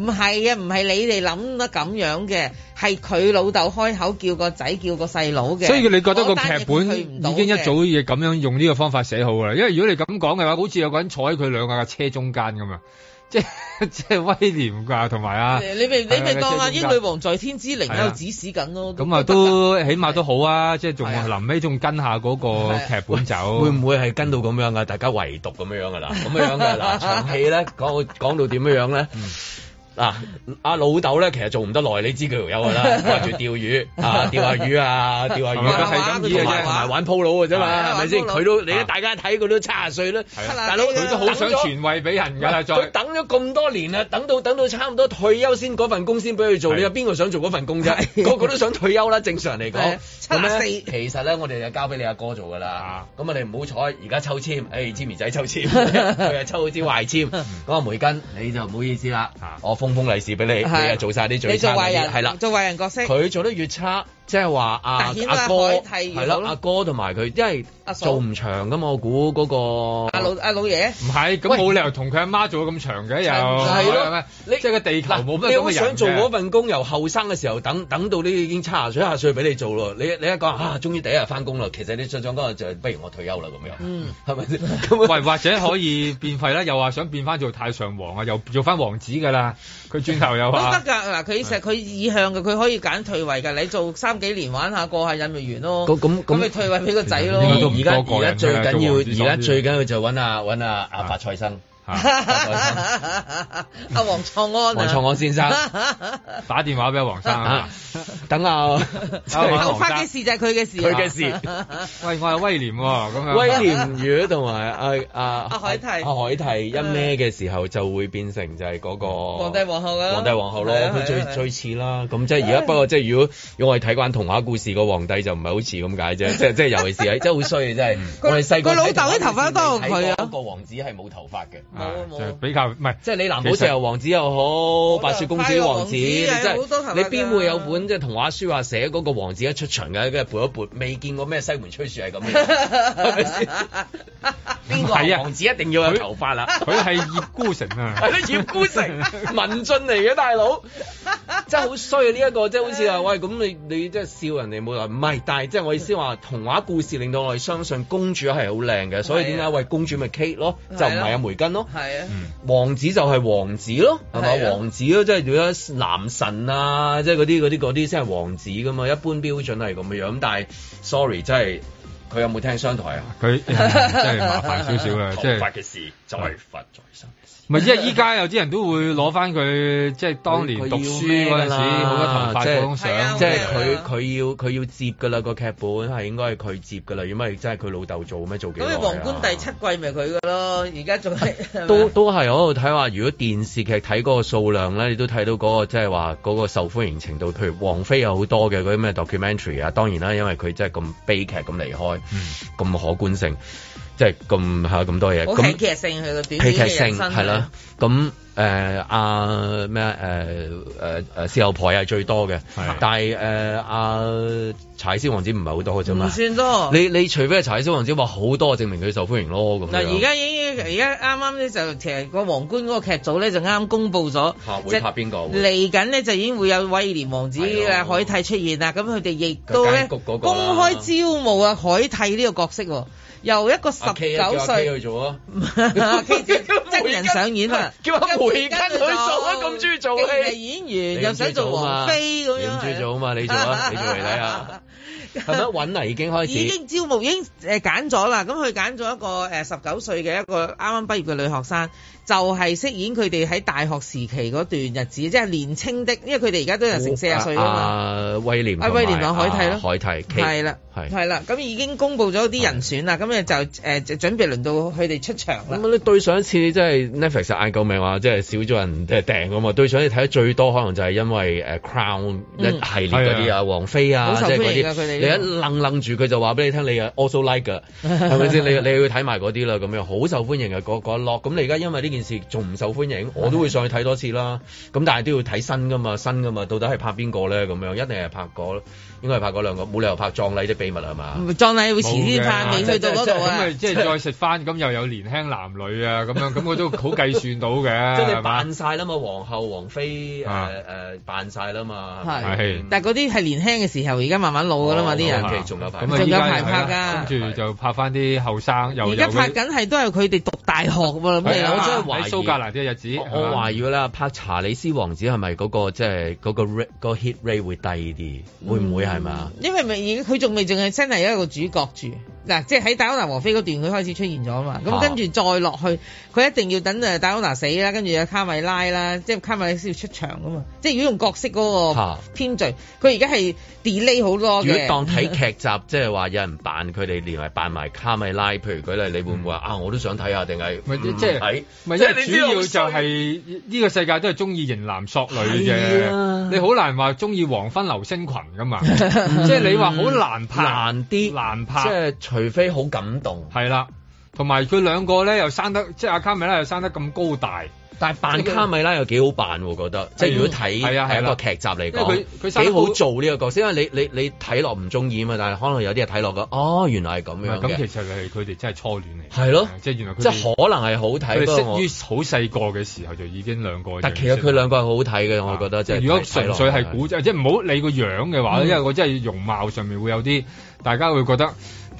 係啊，唔係你哋諗得咁樣嘅，係佢老豆開口叫個仔叫個細佬嘅。所以你覺得個劇本已經一早嘢咁樣用呢個方法寫好啦？因為如果你咁講嘅話，好似有個人坐喺佢兩個架車中間咁樣。即即係威廉噶，同埋啊，你咪你咪當啊英女王在天之靈喺度指使緊咯。咁啊都，都起碼都好啊，啊即係仲臨尾仲跟下嗰個劇本走，啊、會唔會係跟到咁樣噶、啊嗯？大家圍讀咁樣噶、啊、啦，咁樣噶、啊、嗱，場戲咧講到講到點樣樣、啊、咧？ 嗯啊！阿老豆咧，其實做唔得耐，你知佢條友噶啦，掛住釣魚、， 啊、釣魚啊，釣下魚啊， 釣下魚，係咁意同埋玩 pool 佬嘅啫嘛，係咪先？佢都你、啊、大家睇，佢都七十歲啦，大佬佢都好想傳位俾人噶，再佢等咗咁多年啦，等到等到差唔多退休先，嗰份工先俾佢做，你有邊個想做嗰份工啫？個個都想退休啦， 正常嚟講，七四、啊、其實咧，我哋就交俾你阿哥做噶啦，咁 啊，你唔好彩，而家抽籤，誒、哎，黐麪仔抽籤，佢又抽支壞籤，嗰個梅根你就唔好意思啦，我封利是俾你，你啊做曬啲最差嘅人，係啦，做壞人角色，佢做得越差。即係話阿哥係咯，阿、啊、哥同埋佢，因為做唔長噶嘛，我估嗰、那個阿老阿老爺唔係咁冇理由同佢阿媽做咁長嘅又係即係個地球冇乜咁想做嗰份工，由後生嘅時候等等到你已經差廿歲、卅歲俾你做咯。你你一講啊，終於第一日翻工啦，其實你想想講就不如我退休啦咁樣，嗯，係咪？喂， 或者可以變廢啦，又話想變翻做太上皇啊？又做翻王子噶啦？佢轉頭又話都得㗎嗱，佢實佢意向嘅，佢可以揀退位㗎。你做三。幾年玩下過下癮咪完咯，咁咁咁你退位俾個仔咯。而家而家最緊要，而家最緊要就揾下揾下阿發賽生。阿黃創安，黃創安先生打電話俾阿黃生、啊 啊就是、生，等下，頭髮嘅事就係佢嘅事，佢嘅事、啊。喂，我係威廉咁、啊、樣。威廉如果同埋阿阿阿海提。阿、啊海、啊啊啊、海提一咩嘅時候就會變成就係嗰個皇帝，王后皇、帝王后皇后皇帝皇后咯，佢、啊啊啊啊、最最似啦。咁即係而家，不過即係如果因為我哋睇慣童話故事，個皇帝就唔係好似咁解啫。即係即係尤其是，真係好衰啊！真係。佢、嗯、老豆啲頭髮多過佢一個王子係冇頭髮嘅。嗯嗯、就比較唔係，即係你《藍寶石》又王子又好，《白雪公主》王子，王子啊、你真係、啊、你邊會有本即係、就是、童話書話寫嗰個王子一出場嘅，跟住撥一撥，未見過咩西門吹雪係咁嘅，係咪先？邊個係王子一定要有頭髮啦、啊？佢、啊、係葉孤城啊，係 咯，葉孤城 文俊嚟嘅大佬，真係好衰啊！呢 一、呢個即係、就是、好似話喂，咁你你即係笑人哋冇啦？唔係，但係即係我意思話， 童話故事令到我哋相信公主係好靚嘅，所以點解喂公主咪 Kate 咯，就唔係阿梅根咯？ 係啊，王子就係王子咯，係嘛、啊、王子咯，即係如果男神啊，即係嗰啲嗰啲嗰啲先係王子噶嘛，一般標準係咁嘅樣，咁但係，sorry，真係。佢有冇聽商台啊？佢即係麻煩少少啦，即係發嘅事再發再生。唔係即係依家有啲人都會攞翻佢即係當年讀書嗰陣時好多頭髮嗰種相，即係佢佢要佢要接㗎啦，個劇本係應該係佢接㗎啦，如果唔係真係佢老豆做咩做嘅？咁你《王冠》第七季咪佢㗎咯？而家仲係都都係我喺度睇話，如果電視劇睇嗰個數量咧，你都睇到嗰個即係話嗰個受歡迎程度，譬如王妃有好多嘅嗰啲咩 documentary 啊，當然啦，因為佢真係咁悲劇咁離開。嗯，咁可觀性，即係咁嚇咁多嘢，咁戲劇性佢嗰啲戲劇性係啦，咁、嗯。誒阿咩啊誒誒誒視後排係最多嘅，但係誒阿柴絲王子唔係好多嘅啫嘛，唔算多。你你除非係柴絲王子，話好多，證明佢受歡迎咯咁。嗱，而家已經而家啱啱咧就其實個皇冠嗰個劇組咧就啱公佈咗，即拍邊個嚟緊呢，就，剛剛就，就已經會有威廉王子嘅、啊、海蒂出現啦。咁佢哋亦都咧公開招募啊海蒂呢個角色喎、啊。又一個十九歲，叫阿、K、去做啊！ 叫阿人上演啦、啊，叫阿梅根女傻都咁中意做戲、啊啊哦、演員，又想做王妃咁樣，點中意做啊？嘛？你做啊？你做嚟睇下，係咪揾嚟已經開始？已經招募，已經誒揀咗啦。咁佢揀咗一個誒十九歲嘅一個啱啱畢業嘅女學生。就係、是、飾演佢哋喺大學時期嗰段日子，即係年輕的，因為佢哋而家都有成四十歲啊嘛、啊。威廉、啊、威廉同海提咯、啊，海提。係啦，係啦，咁已經公布咗啲人選啦，咁就、呃、準備輪到佢哋出場啦。咁你對上一次即係 Netflix 嗌救命話，即係少咗人訂咁嘛。對上你睇得最多可能就係因為 Crown 一系列嗰啲、嗯、啊，王妃啊，即係嗰啲你一愣愣住，佢就話俾你聽，你 also like 啦，係咪先？你你睇埋嗰啲啦，咁樣好受歡迎啊，嗰嗰一攞、like。 咁你而家、那個那個、因為啲件事仲唔受歡迎，我都會上去睇多次啦。咁但係都要睇新噶嘛，新噶嘛，到底係拍邊個咧？咁樣一定係拍嗰應該係拍嗰兩個，冇理由拍葬禮的秘密係嘛？葬禮會遲啲、啊、拍，未去到嗰度啊。咁咪即係、就是、再食翻，咁又有年輕男女啊咁樣，咁 我都好計算到嘅。即係你扮晒啦嘛，皇后、皇妃誒誒、啊呃呃、扮晒啦嘛。但係嗰啲係年輕嘅時候，而家慢慢老噶啦嘛，啲、啊、人、哦、其實仲有排，拍㗎、啊。跟住、啊、就拍翻啲後生，又而家拍緊係、啊、都係佢哋讀大學喎，咁 喺蘇格蘭啲日子，我懷疑啦，拍查理斯王子係咪嗰個即係嗰個 heat、嗰個 hit rate 會低啲、嗯，會唔會係嘛？因為未，而佢仲未，淨係真係一個主角住。嗱、啊，即係喺戴安娜王妃嗰段，佢開始出現咗嘛？咁、啊、跟住再落去，佢一定要等戴安娜死啦，跟住阿卡米拉啦，即係卡米拉先要出場㗎嘛？即係如果用角色嗰個編敘，佢而家係 delay 好多。如果當睇劇集，即係話有人扮佢哋，連埋扮埋卡米拉，譬如佢哋，你會唔會話啊？我都想睇下定係即係睇？唔係，即係、就是就是就是、主要就係、是、呢、這個世界都係中意型男索女嘅、啊。你好難話中意黃昏流星群㗎嘛？即 係你話好難拍，難啲難拍、就是，即除非好感動，係啦，同埋佢兩個咧又生得，即係阿卡米拉又生得咁高大，但係扮卡米拉又幾好扮喎，我覺得即係如果睇係啊係一個劇集嚟講，佢佢幾好做呢個角色，因為你你你睇落唔中意啊嘛，但係可能有啲人睇落個哦，原來係咁樣咁其實係佢哋真係初戀嚟，係咯，即係原來即係可能係好睇。佢哋識於好細個嘅時候就已經兩個。但其實佢兩個係好睇嘅，我覺得即係如果純粹係古仔，即係唔好理個樣嘅話、嗯、因為我真係容貌上面會有啲大家會覺得。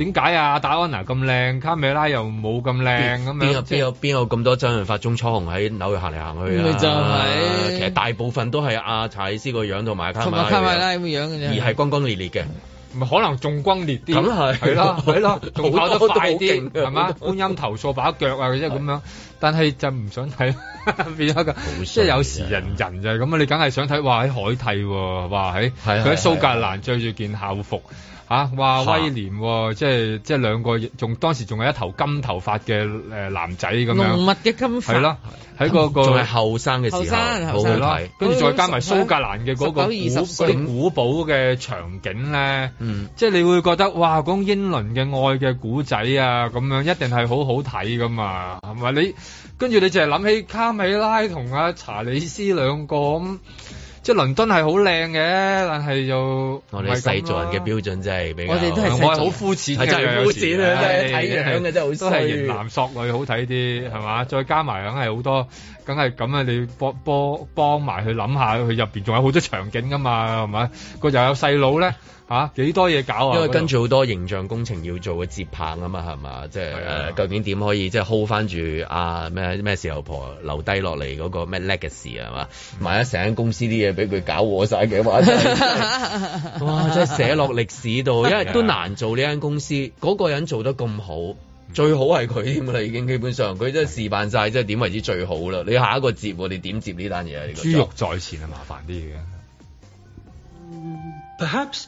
點解啊？戴安娜咁靚，卡米拉又冇咁靚咁樣，邊有邊有邊有咁多周潤發、鍾楚紅喺紐約行嚟行去啊？就係、是，其實大部分都係阿查理斯個樣同埋卡米拉咁嘅樣嘅啫，而係轟轟烈烈嘅，唔、嗯、係可能仲轟烈啲。咁係係啦，係、嗯、啦，仲 跑得快啲係嘛？啊、是觀音頭、掃把腳啊，即係咁樣。但係就唔想睇 變咗個，即係有時人人就係咁啊！你梗係想睇哇喺海蒂，哇喺佢喺蘇格蘭着住件校服。啊，哇！威廉，哦，即係即係兩個，仲當時仲係一頭金頭髮嘅誒男仔咁樣，濃密嘅金髮係啦喺個、嗰個仲係後生嘅時候，好睇。跟住再加埋蘇格蘭嘅嗰個古嗰古堡嘅場景咧，嗯，即係你會覺得哇，講，嗰種，英倫嘅愛嘅古仔啊，咁樣一定係好好睇噶嘛，係咪？你跟住你就係諗起卡米拉同阿查理斯兩個咁。即係倫敦係好靚嘅，但係又我哋細做人嘅標準真係比較，我哋都係好膚淺嘅，膚淺啦，真係睇嘅樣嘅真係好都係型男索女好睇啲，係嘛？再加埋梗係好多，梗係咁啊！你幫幫幫埋去諗下，佢入邊仲有好多場景㗎嘛，係咪？個又有細佬咧。嚇、啊、幾多嘢搞啊！因為跟住好多形象工程要做嘅接棒啊嘛，係嘛？即係誒，究竟點可以即係、就是、hold 翻住啊咩咩？時候婆留低落嚟嗰個咩 legacy，係嘛？買咗成間公司啲嘢俾佢搞和晒嘅話 哇！即係寫落歷史度， 因為都難做呢間公司，嗰、那個人做得咁好、嗯，最好係佢添啦，已經基本上佢真係示範晒，即係點為之最好啦？你下一個接，你點接呢單嘢啊？豬肉在前啊， 麻煩啲嘅、嗯。Perhaps.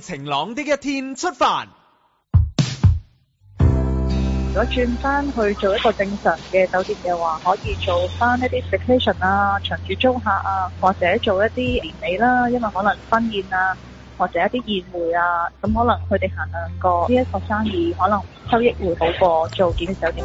晴朗的一天出發。如果轉翻去做一個正常嘅酒店嘅話，可以做翻一啲 staycation 啊、長住租客啊，或者做一啲年尾啦，因為可能婚宴啊，或者一啲宴會啊，咁可能佢哋行兩個呢一個生意，可能收益會好過做檢疫酒店。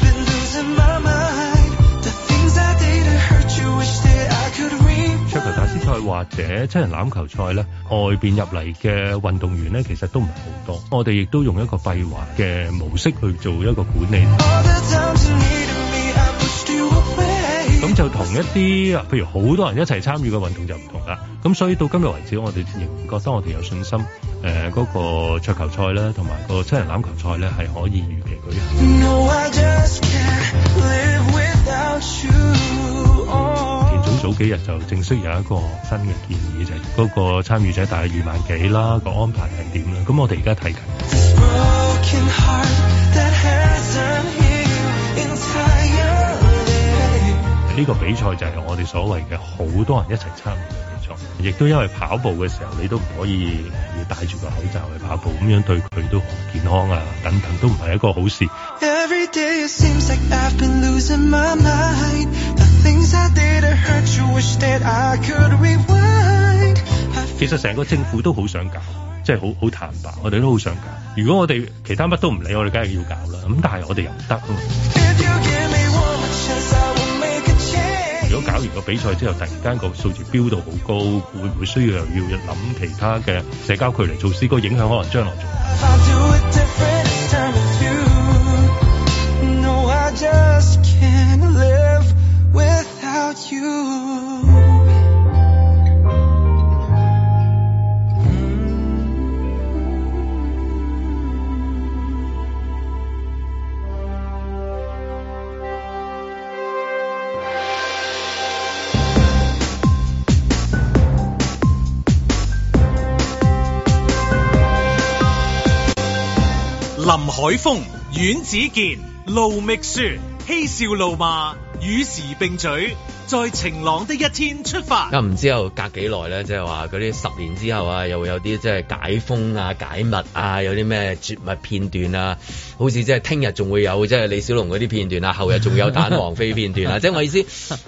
大師賽或者七人欖球賽咧，外面入嚟嘅運動員咧，其實都唔係好多。我哋亦都用一個閉環嘅模式去做一個管理。咁就同一啲，譬如好多人一齊參與嘅運動就唔同啦。咁所以到今日為止，我哋仍然覺得我哋有信心。誒、呃，嗰、那個桌球賽咧，同埋個七人欖球賽咧，係可以如期舉行。No, I just can't live 早幾日就正式有一個新嘅建議，就係、是、嗰個參與者大約二萬幾啦，個安排係點咧？咁我哋而家睇緊。呢個比賽就係我哋所謂嘅好多人一齊參與嘅比賽，亦都因為跑步嘅時候你都唔可以要戴住個口罩去跑步，咁樣對佢都好健康啊，等等都唔係一個好事。Every day I could rewind, I 其實成個政府都好想搞，即係好好坦白，我哋都好想搞。如果我哋其他乜都唔理，我哋梗係要搞啦。咁但係我哋又唔得啊嘛。Chance, 如果搞完個比賽之後，突然間個數字飆到好高，會唔會需要又要諗其他嘅社交距離措施？個影響可能將來仲大。林海峰、阮子健、盧覓雪嬉笑怒罵，與時並舉。在晴朗的一天出發，咁唔知又隔幾耐咧？即係話嗰啲十年之後啊，又會有啲即係解封啊、解密啊，有啲咩絕密片段啊？好似即係聽日仲會有即係李小龍嗰啲片段啊，後日仲有《蛋王妃》片段啊？即係我意思，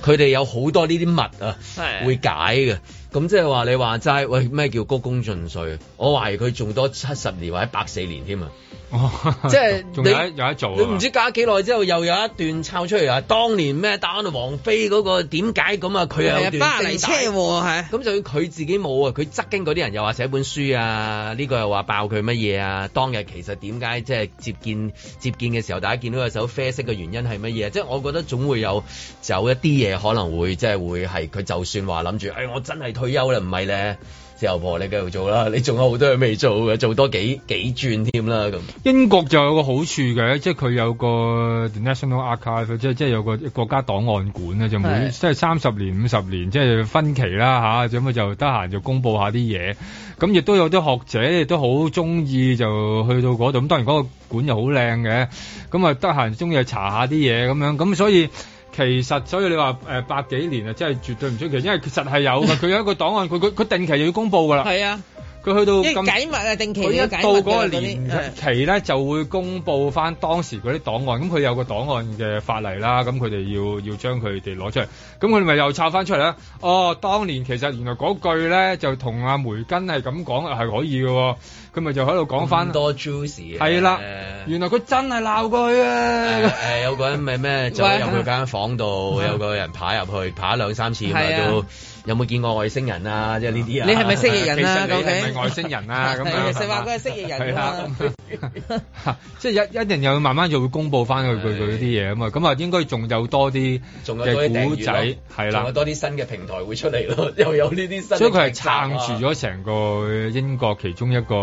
佢 哋有好多呢啲密啊， 會解嘅。咁即係話你話齋，喂咩叫鞠躬盡瘁？我懷疑佢仲多七十年或者百四年添啊、哦！即係仲有一做。一你唔知隔幾耐之後又有一段抄出嚟啊？當年咩蛋王妃嗰、嗰個？點解咁啊？佢又有段驚大，咁、啊、就要佢自己冇啊！佢側經嗰啲人又話寫本書啊，呢、這個又話爆佢乜嘢啊？當日其實點解即係接見接見嘅時候，大家見到有首啡色嘅原因係乜嘢？即、就、係、是、我覺得總會有就有一啲嘢可能會即係、就是、會係佢就算話諗住，誒、哎、我真係退休啦，唔係咧？之後，婆你繼續做啦，你仲有好多嘢未做嘅，做多幾幾轉添啦咁。英國就有個好處嘅，即係佢有個 The National Archive，即係即係有個國家檔案館啊，就每即係三十年、五十年，即係分期啦吓，咁啊就得閒就公佈下啲嘢。咁亦都有啲學者亦都好中意就去到嗰度。咁當然嗰個館又好靚嘅，咁啊得閒中意去查下啲嘢咁樣。咁所以。其實，所以你話誒百幾年啊，即係絕對唔出奇，因為其實係有㗎，佢 有一個檔案，佢佢佢定期就要公布噶啦。係啊。佢去到即係解密啊！定期佢到嗰個年期咧，就會公布翻當時嗰啲檔案。咁佢有個檔案嘅法例啦，咁佢哋要要將佢哋攞出嚟。咁佢咪又抄翻出嚟啦。哦，當年其實原來嗰句咧就同阿梅根係咁講係可以嘅。佢咪就喺度講翻多 juicy。係、啊、啦，原來佢真係鬧過去啊，啊，啊！有個人咪咩就入佢間房度、啊，有個人爬入去，爬兩三次、啊、都。有冇見過外星人啊？即係呢啲啊？你係咪蜥蜴人啊？究竟係咪外星人啊？咁 樣啊，實話佢係蜥蜴人。係 啦 是一，即係一一定又要慢慢就會公布翻佢佢啲嘢啊嘛。咁 啊東， 應該仲有多啲，仲有多啲古仔，係啦，仲有多啲 新嘅平台會出嚟咯。 又有呢啲新，所以佢係撐住咗成個英國其中一個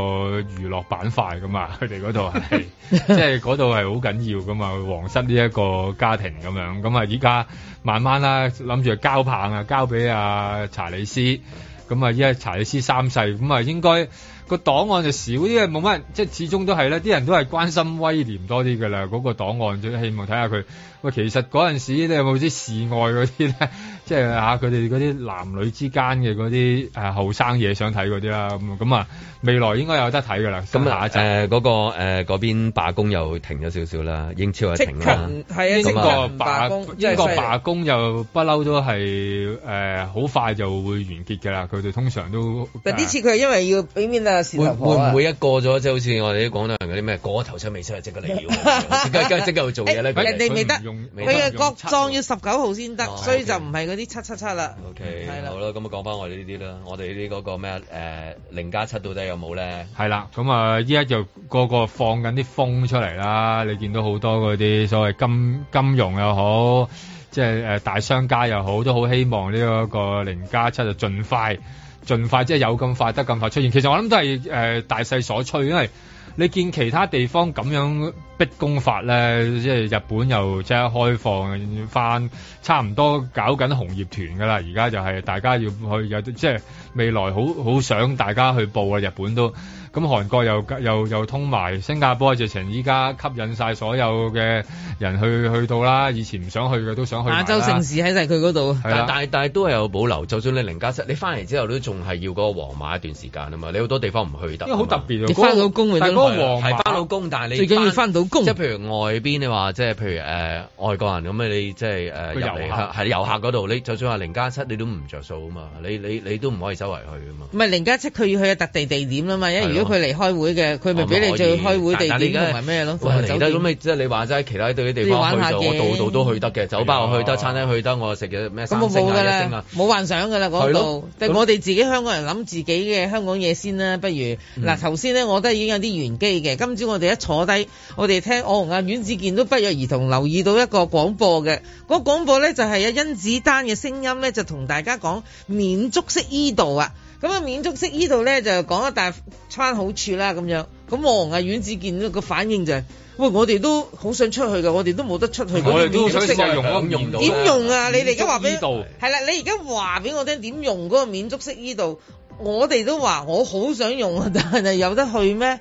娛樂板塊噶嘛。佢哋嗰度係， 即係嗰度係好緊要噶嘛。皇室呢一個家庭咁樣，咁啊依家。慢慢啦，諗住交棒啊，交俾阿查理斯。咁啊，依家查理斯三世咁啊，應該個檔案就少啲啊，冇乜，即係始終都係咧，啲人都係關心威廉多啲嘅啦，嗰個檔案最希望睇下佢。喂，其實嗰陣時你有冇啲示愛嗰啲咧？即係嚇佢哋嗰啲男女之間嘅嗰啲誒後生嘢想睇嗰啲啦。咁咁啊，未來應該有得睇噶啦。咁嗱，嗰、呃嗰個誒嗰、呃、邊罷工又停咗少少啦，英超又停啦。英、啊嗯啊、國罷工又，英國罷工就不嬲都係誒好快就會完結㗎啦。佢哋通常都嗱呢、啊、次佢係因為要俾面啊，係會唔會一過咗即係好似我哋啲廣東人嗰啲咩過頭出未出就即刻嚟㗎？即 刻，刻去做嘢咧？你、欸、你得？佢嘅國葬要十九號先得，所以就唔係嗰啲七七七啦。O、okay, K，好啦，咁啊講返我哋呢啲啦，我哋呢啲嗰個咩啊？零加七到底有冇咧？係啦，咁啊依家就個個放緊啲風出嚟啦。你見到好多嗰啲所謂金金融又好，即係誒、呃、大商家又好，都好希望呢一個零加七就盡快盡快，快，即係有咁快得咁快出現。其實我諗都係誒、呃、大勢所趨，因為，你見其他地方咁樣逼供法咧，即係日本又即刻開放翻，差唔多搞緊紅葉團噶啦。而家就係大家要去，有即係未來好好想大家去報啊！日本都咁，韓國又又又通埋新加坡，直情依家吸引晒所有嘅人去去到啦。以前唔想去嘅都想去到亞洲城市喺曬佢嗰度，但係但，但，但都係有保留。就算你零加室你翻嚟之後都仲係要嗰個黃碼一段時間啊嘛。你好多地方唔去得，因為好特別，那個。你翻到工嘅。係翻、啊、老工，但係你最緊要翻到工。即係譬如外邊，你話即係譬如誒外國人咁啊，你即係誒、呃、遊客，係遊客嗰度，你就算話零加七，你都唔着數啊嘛。你你你都唔可以周圍去啊嘛。唔係零加七，佢要去啊特地地點啊嘛。因為如果佢嚟開會嘅，佢咪俾你就去開會地點同埋咩咯。咁即係你話齋，呃呃、其他啲啲地方去就我到我度度都去得嘅、嗯，酒吧我去得、嗯，餐廳去得，我食嘅咩三星啊一星冇、啊啊、幻想噶啦嗰度。嗰個嗰個嗰個、我哋自己香港人諗自己嘅香港嘢先啦、啊。不如嗱頭先咧，我覺得已經有啲機嘅，今朝我哋一坐低，我哋聽我同阿阮子健都不約而同留意到一個廣播嘅，嗰、那、廣、個、播咧就係阿甄子丹嘅聲音咧，就同大家講免觸式 e 道啊，咁啊、那個、免觸式 e 道咧就講一大餐好處啦，咁樣，咁我同阿阮子健都個反應就係、是，喂，我哋都好想出去噶，我哋都冇得出去，我哋都想用，用，用，用啊，點用啊？你哋而家話俾，係啦，你而家話俾我聽點用嗰個免觸式 e 道，我哋都話我好想用，但係有得去咩？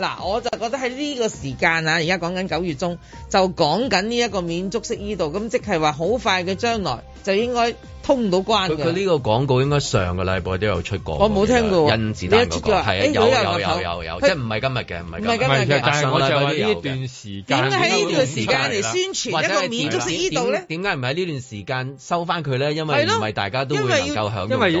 嗱，我就覺得喺呢個時間啊，而家講緊九月中就講緊呢一個免觸式呢、e、度，咁即係話好快嘅將來就應該通唔到關嘅。佢佢呢個廣告應該上個禮拜都有出過，我冇聽過。恩智達唔有有有有有，有有有有即係唔係今日嘅，唔係今日嘅，但係我就喺呢段時間。點解喺呢段時間嚟宣傳一個免觸式、e、呢度咧？點解唔喺呢段時間收翻佢咧？因為唔係大家都會能夠的因為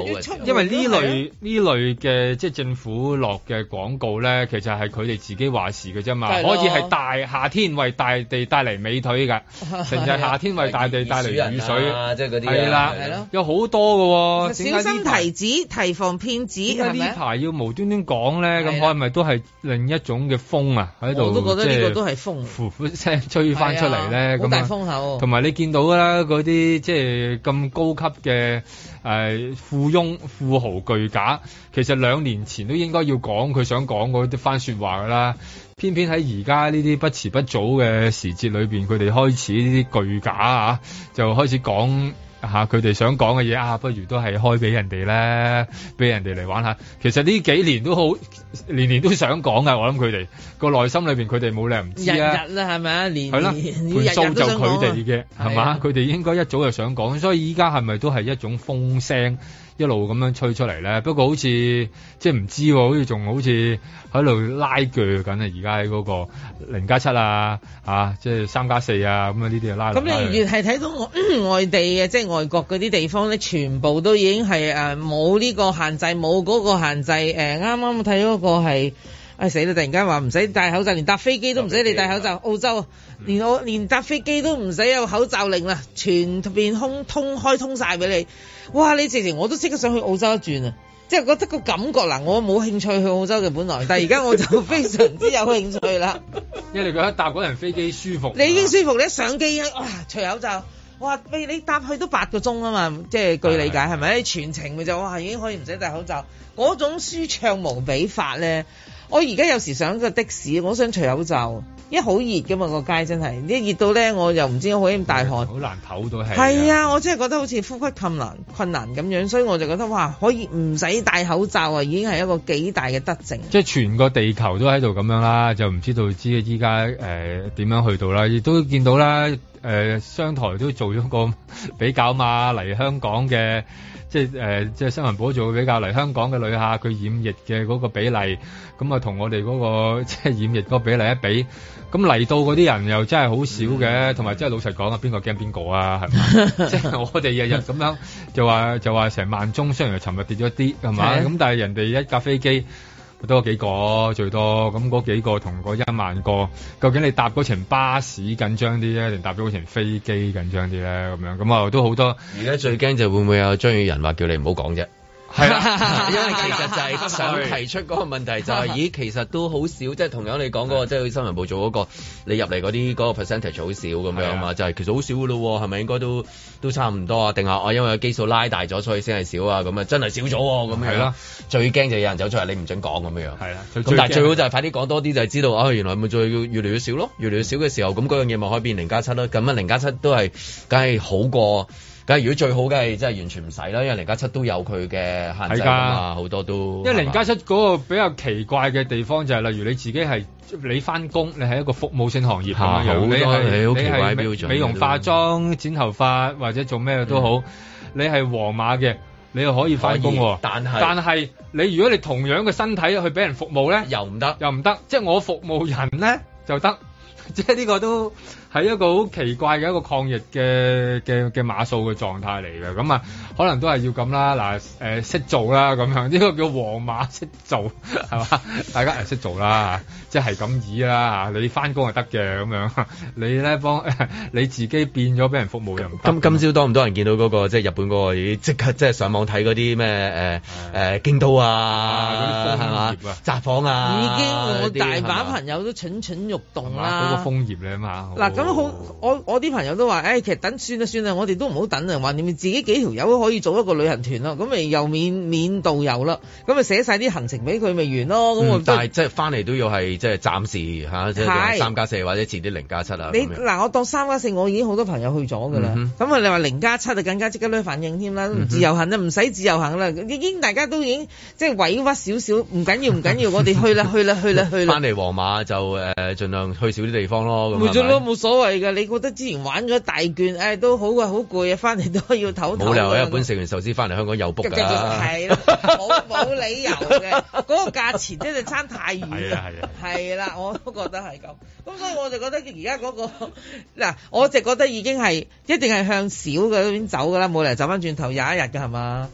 因為呢、啊、類呢、啊、類嘅即係政府落嘅廣告咧，其實係佢。佢哋自己話事嘅啫嘛，可以係大夏天為大地帶嚟美腿嘅，成日夏天為大地帶嚟雨水，係啦、啊即係，有好多嘅、哦。小心提子，提防騙子。呢排要無端端講咧，咁我係咪都係另一種嘅風啊？喺度，我都覺得呢個都係風，呼呼聲吹翻出嚟咧，咁大風口。同埋你見到啦，嗰啲即係咁高級嘅。誒、哎、富翁富豪巨賈，其實兩年前都應該要講佢想講嗰啲番說話㗎啦，偏偏喺而家呢啲不遲不早嘅時節裏邊，佢哋開始呢啲巨賈啊，就開始講。嚇佢哋想講嘅嘢啊，不如都係開俾人哋咧，俾人哋嚟玩下。其實呢幾年都好，年年都想講嘅。我諗佢哋個內心裏邊，佢哋冇理由唔知啊。日日啦，係咪啊？年年盤數就佢哋嘅，係嘛？佢哋應該一早就想講，所以依家係咪都係一種風聲？一路咁樣吹出嚟咧，不過好似即係唔知，好似仲好似喺度拉鋸緊啊！而家喺嗰個零加七啊，啊即係三加四啊，咁啊呢啲啊拉，拉。咁你越係睇到、嗯、外地嘅，即、就、係、是、外國嗰啲地方咧，全部都已經係誒冇呢個限制，冇嗰個限制。誒、呃，啱啱睇嗰個係，哎死啦！突然間話唔使戴口罩，連搭飛機都唔使你戴口罩。啊、澳洲連我，、嗯、連，我連搭飛機都唔使有口罩令啦，全面空通通開通晒俾你。哇！你直情我都即刻想去澳洲一轉啊！即係覺得個感覺嗱，我冇興趣去澳洲嘅本來，但而家我就非常之有興趣啦。因為你覺得搭嗰人飛機舒服，你已經舒服。你一上機哇，除口罩，哇！你你搭去都八個鐘啊嘛，即係據理解係咪？你全程咪就哇已經可以唔使戴口罩，嗰種舒暢無比法咧。我而家有時上個的士，我想除口罩，因為好熱㗎嘛，個街真係，一熱到咧，我又唔知好閪大汗，好、嗯、難唞到係。係啊，我真係覺得好似呼吸困難困難咁樣，所以我就覺得哇，可以唔使戴口罩啊，已經係一個幾大嘅德政。即係全個地球都喺度咁樣啦，就唔知道知依家誒點樣去到啦，亦都見到啦、呃、商台都做咗個比較嘛，嚟香港嘅。即係誒，即、呃、係新聞報道會比較嚟香港嘅旅客佢染疫嘅嗰個比例，咁啊同我哋嗰、嗰個即係染疫嗰比例一比，咁嚟到嗰啲人又真係好少嘅，同、嗯、埋真係老實講啊，邊個驚邊個啊？係咪？即係我哋日日咁樣就話就話成萬宗，雖然尋日跌咗啲係嘛，咁、啊、但係人哋一架飛機。多幾個最多，咁嗰幾個同嗰一萬個，究竟你搭嗰程巴士緊張啲咧，定搭咗嗰程飛機緊張啲咧？咁樣咁啊，都好多。而家最驚就會唔會有張宇仁話叫你唔好講啫。係啦、啊， 因為其實就係想提出嗰個問題、就是，就 係咦，其實都好少，即係同樣你講嗰、那個， 即係新聞部做嗰、那個，你入嚟嗰啲嗰個 percentage 好少咁、啊、樣嘛，就係、是、其實好少噶咯，係咪應該都都差唔多啊？定係哦，因為個基數拉大咗，所以先係少啊？咁啊，真係少咗咁樣。係啦、啊，最驚就有人走出嚟，你唔準講咁樣。係啦，咁但係最好就係快啲講多啲，就係知道啊，原來咪再越嚟越少咯，越嚟越少嘅時候，咁嗰樣嘢咪可以變零加七咯。咁啊，零加七都係梗係好過。梗係如果最好嘅，真係完全唔使啦，因為零加七都有佢嘅限制啊嘛，好多都。因為零加七嗰個比較奇怪嘅地方就係、是，例如你自己係你翻工，你係一個服務性行業啊好你，很你，、哎、你奇怪你係美容化妝、剪頭髮或者做咩都好，嗯、你係黃碼嘅，你又可以翻工喎。但係但係你如果你同樣嘅身體去俾人服務咧，又唔得，又唔得，即係我服務人咧就得，即係呢個都。係一個好奇怪嘅一個抗疫嘅嘅嘅碼數嘅狀態嚟嘅，咁啊可能都係要咁啦。嗱誒識做啦咁樣，呢個叫皇馬識做係嘛？大家係識做啦，即係咁意啦。就是這哎、你翻工係得嘅咁樣，你咧幫 你自己變咗俾人服務人。今今朝多唔多人見到嗰個即係日本嗰個，即刻、那個、即係上網睇嗰啲咩誒誒京都啊嗰啲楓葉啊，那些啊、雜房啊，已經我大把朋友都蠢蠢欲動、啊那個、啦。嗰個楓葉嚟啊嘛。咁好，我我啲朋友都話，誒、哎，其實等算啦算啦，我哋都唔好等啊，話你咪自己幾條友都可以做一個旅行團咯，咁咪又免免導遊啦，咁咪寫晒啲行程俾佢咪完咯，咁我、嗯、但係即係翻嚟都要係即係暫時吓，即三加四或者遲啲零加七啊。你嗱，我當三加四，我已經好多朋友去咗噶啦，咁、嗯、啊你話零加七就更加即刻反應添啦、嗯，自由行啦，唔使自由行啦，已經大家都已經即係委屈少少，唔緊要唔緊要，要緊要 我哋去啦去啦去啦去啦。翻嚟皇馬就誒盡、呃、量去少啲地方咯，所謂嘅，你覺得之前玩咗大券，誒、哎、都好啊，好攰啊，翻嚟都要唞。冇理由日本食完壽司翻嚟香港又 book 噶，係啦，冇 冇理由嘅，嗰 個價錢真係差太遠。係啊啦，我都覺得係咁。咁所以我就覺得而家嗰個嗱，我就覺得已經係一定係向少嗰邊走噶啦，冇理由走翻轉頭廿一日噶係嘛？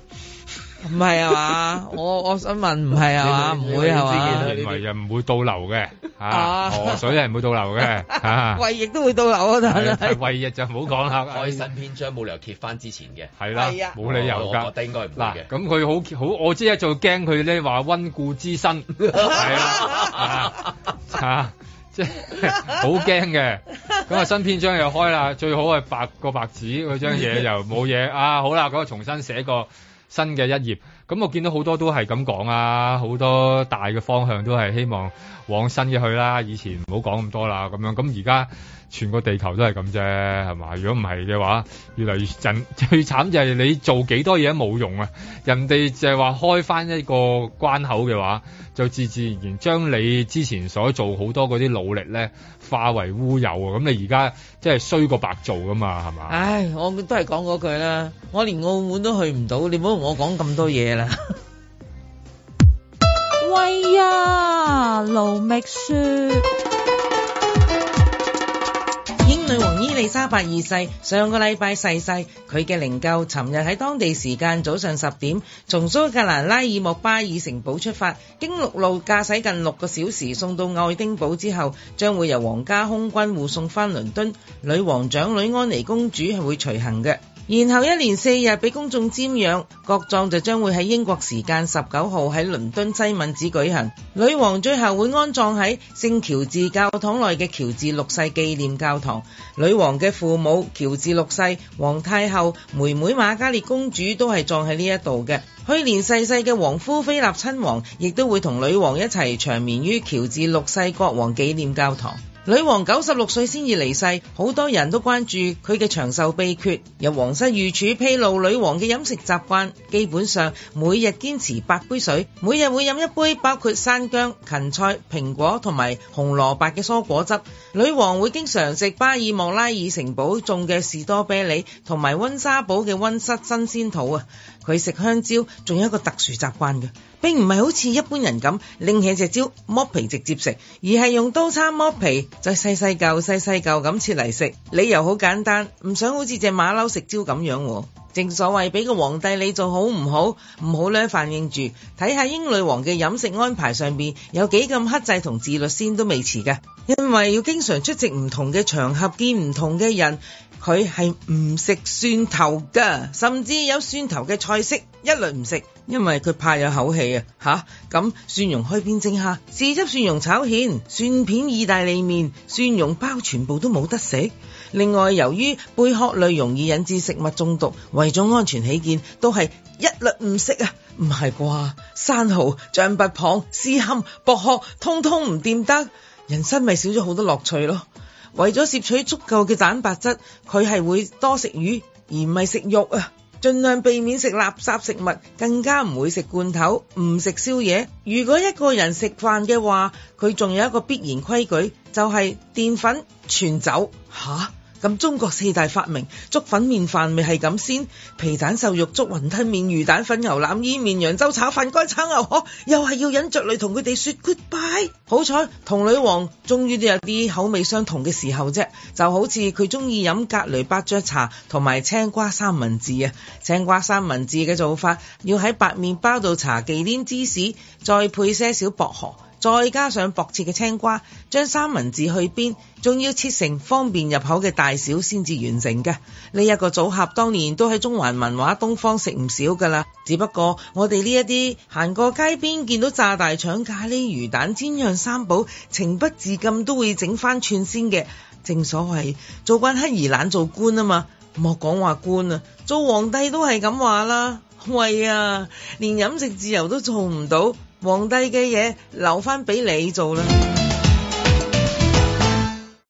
唔係啊嘛？我我想問，唔係啊嘛？唔會係嘛？唔會又唔會倒流嘅啊， 河水係唔會倒流嘅， 胃液都會倒流啊，係啦，但胃液就唔好講啦，開新篇章冇理由揭翻之前嘅。係、哦、啦，冇理由噶，嗱，咁佢好好，我知啊，就驚佢咧話温故知新，係 啊，啊， 啊即係好驚嘅，咁啊 新篇章又開啦，最好係白個白紙嗰張嘢又冇嘢 啊，好啦，咁、那、啊、個、重新寫過。新嘅一頁，咁我見到好多都係咁講啊，好多大嘅方向都係希望往新嘅去啦。以前唔好講咁多啦，咁樣，咁而家全個地球都係咁啫，係嘛？如果唔係嘅話，越嚟越震，最慘就係你做幾多嘢冇用啊！人哋就係話開翻一個關口嘅話，就自自然然將你之前所做好多嗰啲努力呢。化為烏有啊！咁你而家即係衰過白做噶嘛，係嘛？唉，我都係講嗰句啦，我連澳門都去唔到，你唔好同我講咁多嘢啦。 喂呀，盧覓雪。利沙伯二世上個禮拜逝世，佢嘅靈柩尋日喺當地時間早上十點從蘇格蘭拉，拉爾莫巴爾城堡出發，經陸路駕駛近六個小時送到愛丁堡之後，將會由皇家空軍護送翻倫敦，女王長女安妮公主係會隨行嘅。然後一連四日畀公眾瞻仰，國葬就將會喺英國時間十九號喺倫敦西敏寺舉行。女王最後會安葬喺聖喬治教堂內嘅喬治六世紀念教堂。女王嘅父母喬治六世、皇太后、妹妹瑪嘉烈公主都係葬喺呢一度嘅。去年逝世嘅皇夫菲立親王亦都會同女王一齊長眠於喬治六世國王紀念教堂。女王九十六歲先至離世，好多人都關注佢嘅長壽秘訣。由皇室御廚披露，女王嘅飲食習慣基本上每日堅持八杯水，每日會飲一杯包括山姜、芹菜、蘋果同埋紅蘿蔔嘅蔬果汁。女王會經常食巴爾莫拉爾城堡種嘅士多啤梨，同埋溫莎堡嘅溫室新鮮桃。啊！佢食香蕉，仲有一個特殊習慣嘅。並唔係好似一般人咁拎起隻蕉剝皮直接食，而係用刀叉剝皮，再細細舊細細舊咁切嚟食。理由好簡單，唔想好似隻馬騮食蕉咁樣。正所謂俾個皇帝你做好唔好？唔好咧，反映住睇下英女王嘅飲食安排上邊有幾咁克制同自律先都未遲㗎，因為要經常出席唔同嘅場合，見唔同嘅人。佢係唔食蒜頭噶甚至有蒜頭嘅菜式一律唔食，因為佢怕有口氣啊吓。咁、啊、蒜蓉開邊蒸蝦，豉汁蒜蓉炒蜆、蒜片意大利麵、蒜蓉包全部都冇得食。另外，由於貝殼類容易引致食物中毒，為咗安全起見，都係一律唔食啊。唔係啩？生蠔、象拔蚌、絲、冚、薄殼，通通唔掂得，人生咪少咗好多樂趣咯。為咗攝取足夠嘅蛋白質，佢係會多食魚，而唔係食肉啊！盡量避免食垃圾食物，更加唔會食罐頭，唔食宵夜。如果一個人食飯嘅話，佢仲有一個必然規矩，就係澱粉全走吓。咁中國四大發明，粥粉麵飯咪係咁先。皮蛋瘦肉粥、雲吞麵、魚蛋粉、牛腩伊麵、揚州炒飯、乾炒牛河，又係要忍着淚同佢哋說 goodbye 好。好彩同女王終於都有啲口味相同嘅時候啫，就好似佢鍾意飲格雷伯爵茶同埋青瓜三文治啊。青瓜三文治嘅做法，要喺白麵包度搽忌廉芝士，再配些少薄荷。再加上薄切嘅青瓜，將三文治去邊，仲要切成方便入口嘅大小先至完成嘅。呢一個組合當年都喺中環文華東方食唔少噶啦。只不過我哋呢一啲行過街邊見到炸大腸、咖喱魚蛋、煎釀三寶，情不自禁都會整翻串先嘅。正所謂做慣乞兒懶做官啊嘛，莫講話官啊，做皇帝都係咁話啦。喂啊，連飲食自由都做唔到。皇帝嘅嘢留翻俾你做啦。